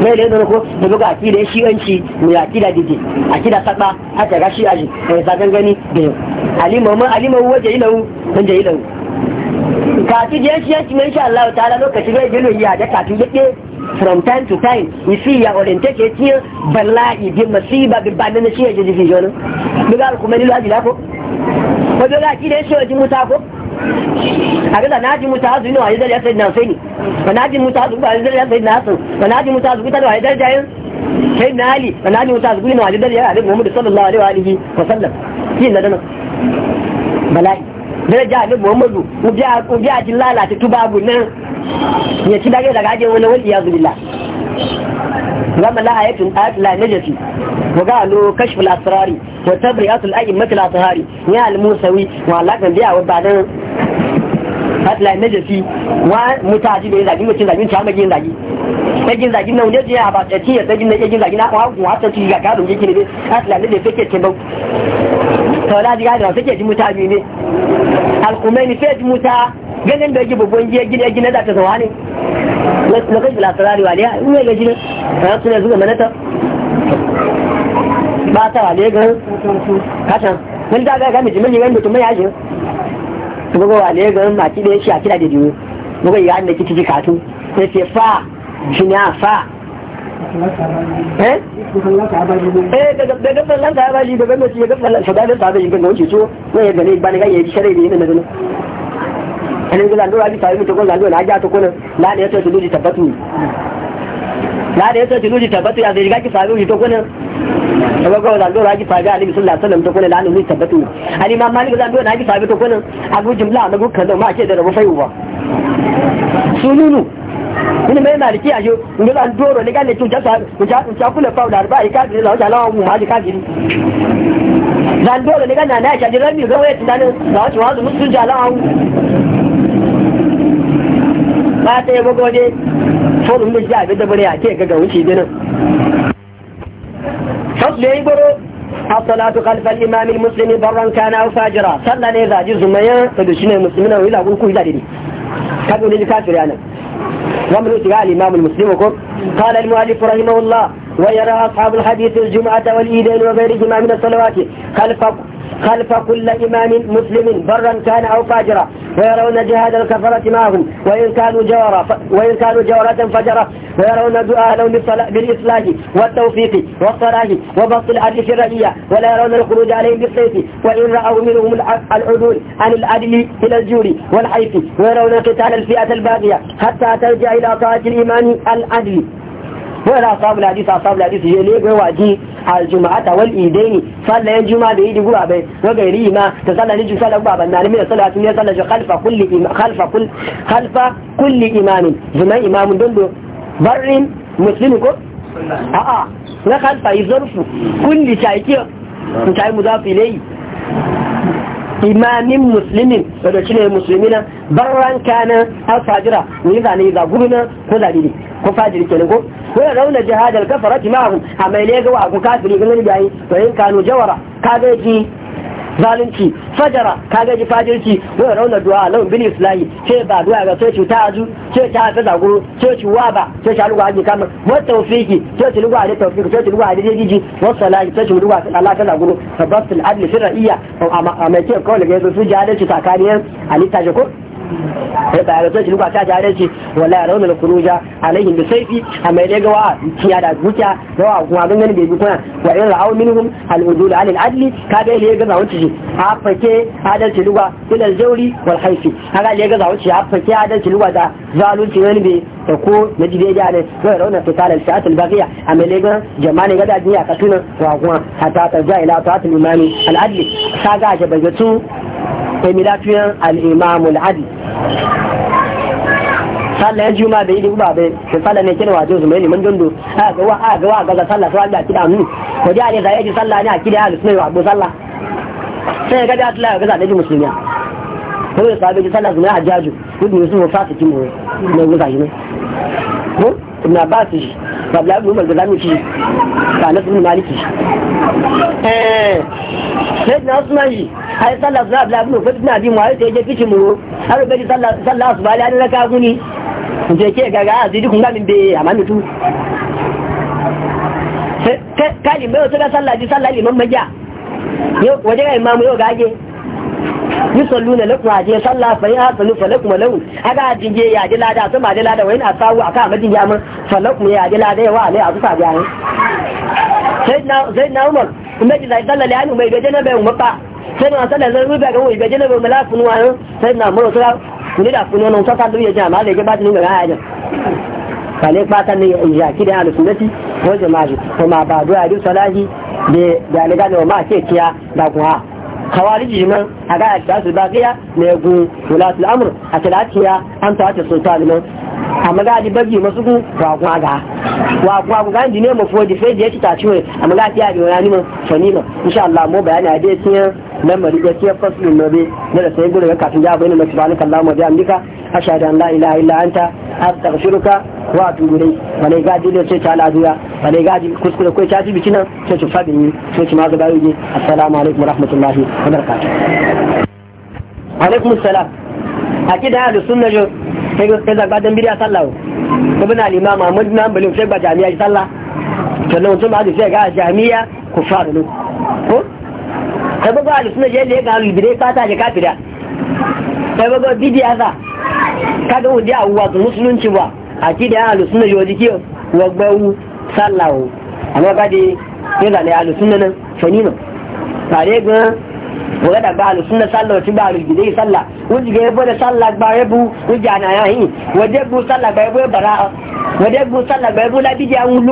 mai da yadda ko da buga aki da shi yanci mai aki da didi a kida saba a ta gashi a mai sa gangani da yau alima mun alima waje ilawu mun da ilahu kati je shi yanci mai insha Allah ta'ala lokaci ga jilo ya da kati yake from time to time we see ya orientate ke tiya bala'i bi masiba bi banan shi ya jiji jona buga alkumani lo ajila ko ko da aki shi waje mutako a gaza na ji mutu hasu ina wani daraja sai na sai ne ba na ji mutu hasu ba zai daraja sai na hasu ba na ji ta hasu kuta da wani daraja yin sai na ali ba na ji ta hasu ina waje daraja a rikin muhammadu sallallahu alaihi wa alihi wa sallam shi na dana bala'i daraja ja rikin muhammadu ubiya jin lalata tubabu nan ya ci dage daga ajin wani wani ya zubila لما لا آيات لا نجسي وقالوا كشف الأسرار وتبرئة الأئمة الأطهار يا الموسوي وعلاقنا بها وبعدين atla na biya wa mutaji da ya zagi mutum ta magin zagi tagin zagi na wunde ya ba tsaci ya tagin na na kwa ku hata ci ga gado yake ne atla na jafi ke tebau tawala diga da take ji muta ne al-kumaini ji muta ganin da yake babban gida gida da ta zawani lokacin da lasarari wa liya in ya ne a suna zuga manata ba ta wa ga kashan wani ta ga mai jimin yiwuwa mutum mai yajin su buga wa ga maki da ya shi a kira da jiwo yi an da kici ji katu ya ce fa shi ne a fa eh ta ba ta ba ba ji da ẹni gbé làǹdó rájú sàrí tó kó làǹdó lájá tó kó náà láàrin ẹsẹ̀ tó lójì tàbátù láàrin ẹsẹ̀ tó lójì tàbátù yàtọ̀ ìrìgájì sàrí òjì tó kó náà ẹgbẹ́gbẹ́ làǹdó rájú sàrí àlébí sọ́lá sọ́lá tó kó náà láàrin òjì tàbátù àní máa máa ní làǹdó rájú sàrí tó kó náà agbójúm láàmú kan náà máa ṣe ìdẹ̀rẹ̀ wọ́fẹ́ ìwọ̀ sununu nínú mẹ́rin náà kí àjò ìgbésà ń dúró ní gáàlì tí ìjákulẹ̀ fáwọn àrùbá ìkáàkiri làwọn ṣàlọ́wọ́ ọmọ àti káàkiri zandoro ne gana na shaji rami ga waya tunanin za su wazu musu jalawa kamata ya bugo dai forum da jabi da bari a ke ga wuce dinin fasu ya yi baro الصلاة خلف الإمام المسلم برا كان أو فاجرا صلى لذا جزء ما يدشنا المسلمين وإلى أقول كويدا دي كانوا لي كافر أنا ومن اتقاء الإمام المسلم قال المؤلف رحمه الله ويرى أصحاب الحديث الجمعة والإيدين وغيرهما من الصلوات خلف خلف كل إمام مسلم برا كان أو فاجرا ويرون جهاد الكفرة معهم وإن كانوا جورا وإن كانوا جورة فجرا ويرون دعاءهم بالإصلاح والتوفيق والصلاح وبسط العدل في الرعية ولا يرون الخروج عليهم بالسيف وإن رأوا منهم العدول عن العدل إلى الجور والحيف ويرون قتال الفئة الباغية حتى ترجع إلى طاعة الإيمان العدل wani asabul hadis asabul hadis je ne gai waji aljuma'ata wal idaini sallah juma juma'a da idi gura bai wa gairi ma ta sallah ne jusa da gura ban nan mai sallah tun ya sallah khalfa kulli khalfa kull khalfa kulli imamin zuma imamun don do barrin muslimi ko a'a na khalfa yi zarfu kulli shaiki mutai muzafi ilayhi imamin musulmin wadda shi ne na? barran kana har fajira wani zane za guruna ko zalili ko fajiri kenan ko ko ya rauna jihadar kafarati ma'ahum amma ne ga wa ku kafiri ganin da yi to in kanu jawara ka ga ji zalunci fajara ka gaji fajirci wani rauna du'a lawan bin islahi ce ba duwa ga sai cuta azu ce ta ta zaguru ce ci wa ba ce ci alwa ji kamar wa tawfiki ce ci lugwa da tawfiki ce ci lugwa da jiji wa salahi ce ci lugwa Allah ta zaguru fa basul adli iya a mai ce kawai ga su jahilci takaniyar alita sai tsare sai shi kwata tare ce wala rauna da kuruja alaihim da saifi a mai ga wa kiya da zuciya da wa kuma ban ganin bebi kuna wa in ra'aw minhum al udul al adli ka ga ya gaza wuce shi a fake adalci luwa ila al wal haifi haka ya gaza wuce a fake adalci luwa da zalunci wani bai da ko na jide da ne wa rauna ta al da sa'atul baghiya a mai ga jama'a ga da duniya ka tuna wa kuma hatta ta ja ila ta'atul imani al adli ka ga ga sai mi milatuyan al'imamu al'adi sallah ya juma da yi ba bai shi sallah ne kirwa wajen mai liman dundu a ga wa a ga wa ga sallah sai da kida mu ko a ne zai ji sallah ne a kida ya sunai wa abu sallah sai ya ga da Allah ga da musulmiya ko da sahabi ji sallah na hajjaju kudu ne su fa kimo ne guza ne ko ibn abbas shi babla mu. umar gazami shi ka na ibn maliki eh sai na usman shi ai sallah na babla ibn ko ibn abi muayyid sai je kici muro har bai sallah sallah su bala na ka guni je ke gaga azidi kun ga min be amma mutu kai limbe wata sallah ji sallah liman maja waje ga imamu yau gage yusalluna lakum aje sallah fa ya salu fa lakum lahu aga jinje ya ji lada to ma ji lada wa ina sawu aka amadi a mun fa lakum ya ji lada ya wa alai azu ta gani sai na na umar kuma ji zai dalla lani mai gaje na bai umma fa sai na sallah zan ruba ga wai gaje na bai malafun wa sai na mu sai ne da kunu non saka duye jama'a da ke ba ga ajan kale fatan ne ya kida ahlus sunnati wal jama'a kuma ba du'a di salahi da da ne ga ma ke kiya da kuwa khawariji nan a ga ta su baqiya ne gu wulatul amr a talatiya an ta ta sultan nan amma ga di bagi masu gu wa kwa ga wa kwa ga di ne mu fodi fe da ta ciwe amma ga tiya da wani mun fanima insha Allah mu bayani a dai tiyan nan mari gaskiya fasulun nabi da sai gure ga kafin ja bayyana subhanakallahumma wa bihamdika ashhadu an la ilaha illa anta astaghfiruka wa atubu ilayk bale ga dole sai ta laduya bale ga kuskure ko ta ci bicina sai ci fadin yi sai ci maza bayu ne assalamu alaikum warahmatullahi wabarakatuh alaikum assalam akida ahlus sunna jo sai ga sai zaba dan bidiya sallah ibn al-imam Ahmad nan balin sai ba jami'a sallah sannan ma ba sai ga jami'a ne. ko sai ba ahlus sunna je ga bidai fata kafira sai bago bidiya za kaga wudi a wasu musulunci ba a kida ya alu suna yau Wa wagbawu sallawo amma ba dai ya zane alu suna nan fanino tare ga wọ́n dàgbà alùsùnà sálọ̀ tí bá alùgbìdé ìsálà wọ́n jìgẹ̀ ẹbọ́ dẹ sálà gba ẹbú wọ́n jẹ́ àná àyà yìí wọ́n jẹ́ bú sálà gba ẹbú ẹbàrá wọ́n jẹ́ bú sálà gba ẹbú lábídí àwọn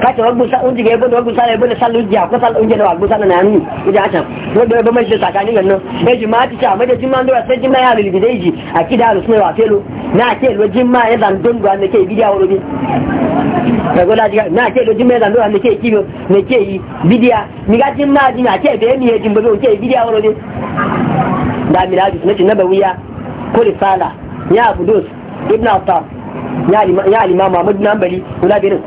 kati wa gusa unji ga ibn wa gusa la ibn sallu ji akwai sallu unji wa gusa na na ji a can ko da ba mai saka ni sakani ganno e jima'ati ta mai da jima'an da sai jima'a ya lili a kida alu sunna wa felo na ke lo jima'a ya dan don ga ne ke bidiya woro bi da gola ji na ke lo jima'a dan don ne ke kibo ne ke yi bidiya ni ga jima'a ji na ke be mi ya jimbo ke bidiya woro bi da mi miladu sunna nabawiya ko da sala ya abudus ibn al attab ya al-imam Muhammad bin Hanbali kula birin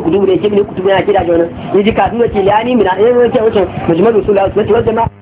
ko da ya ce ne kutubu yana kira jona yaji kafin wace lani mina ɗaya eh, wace wace majmalu a wace wace ma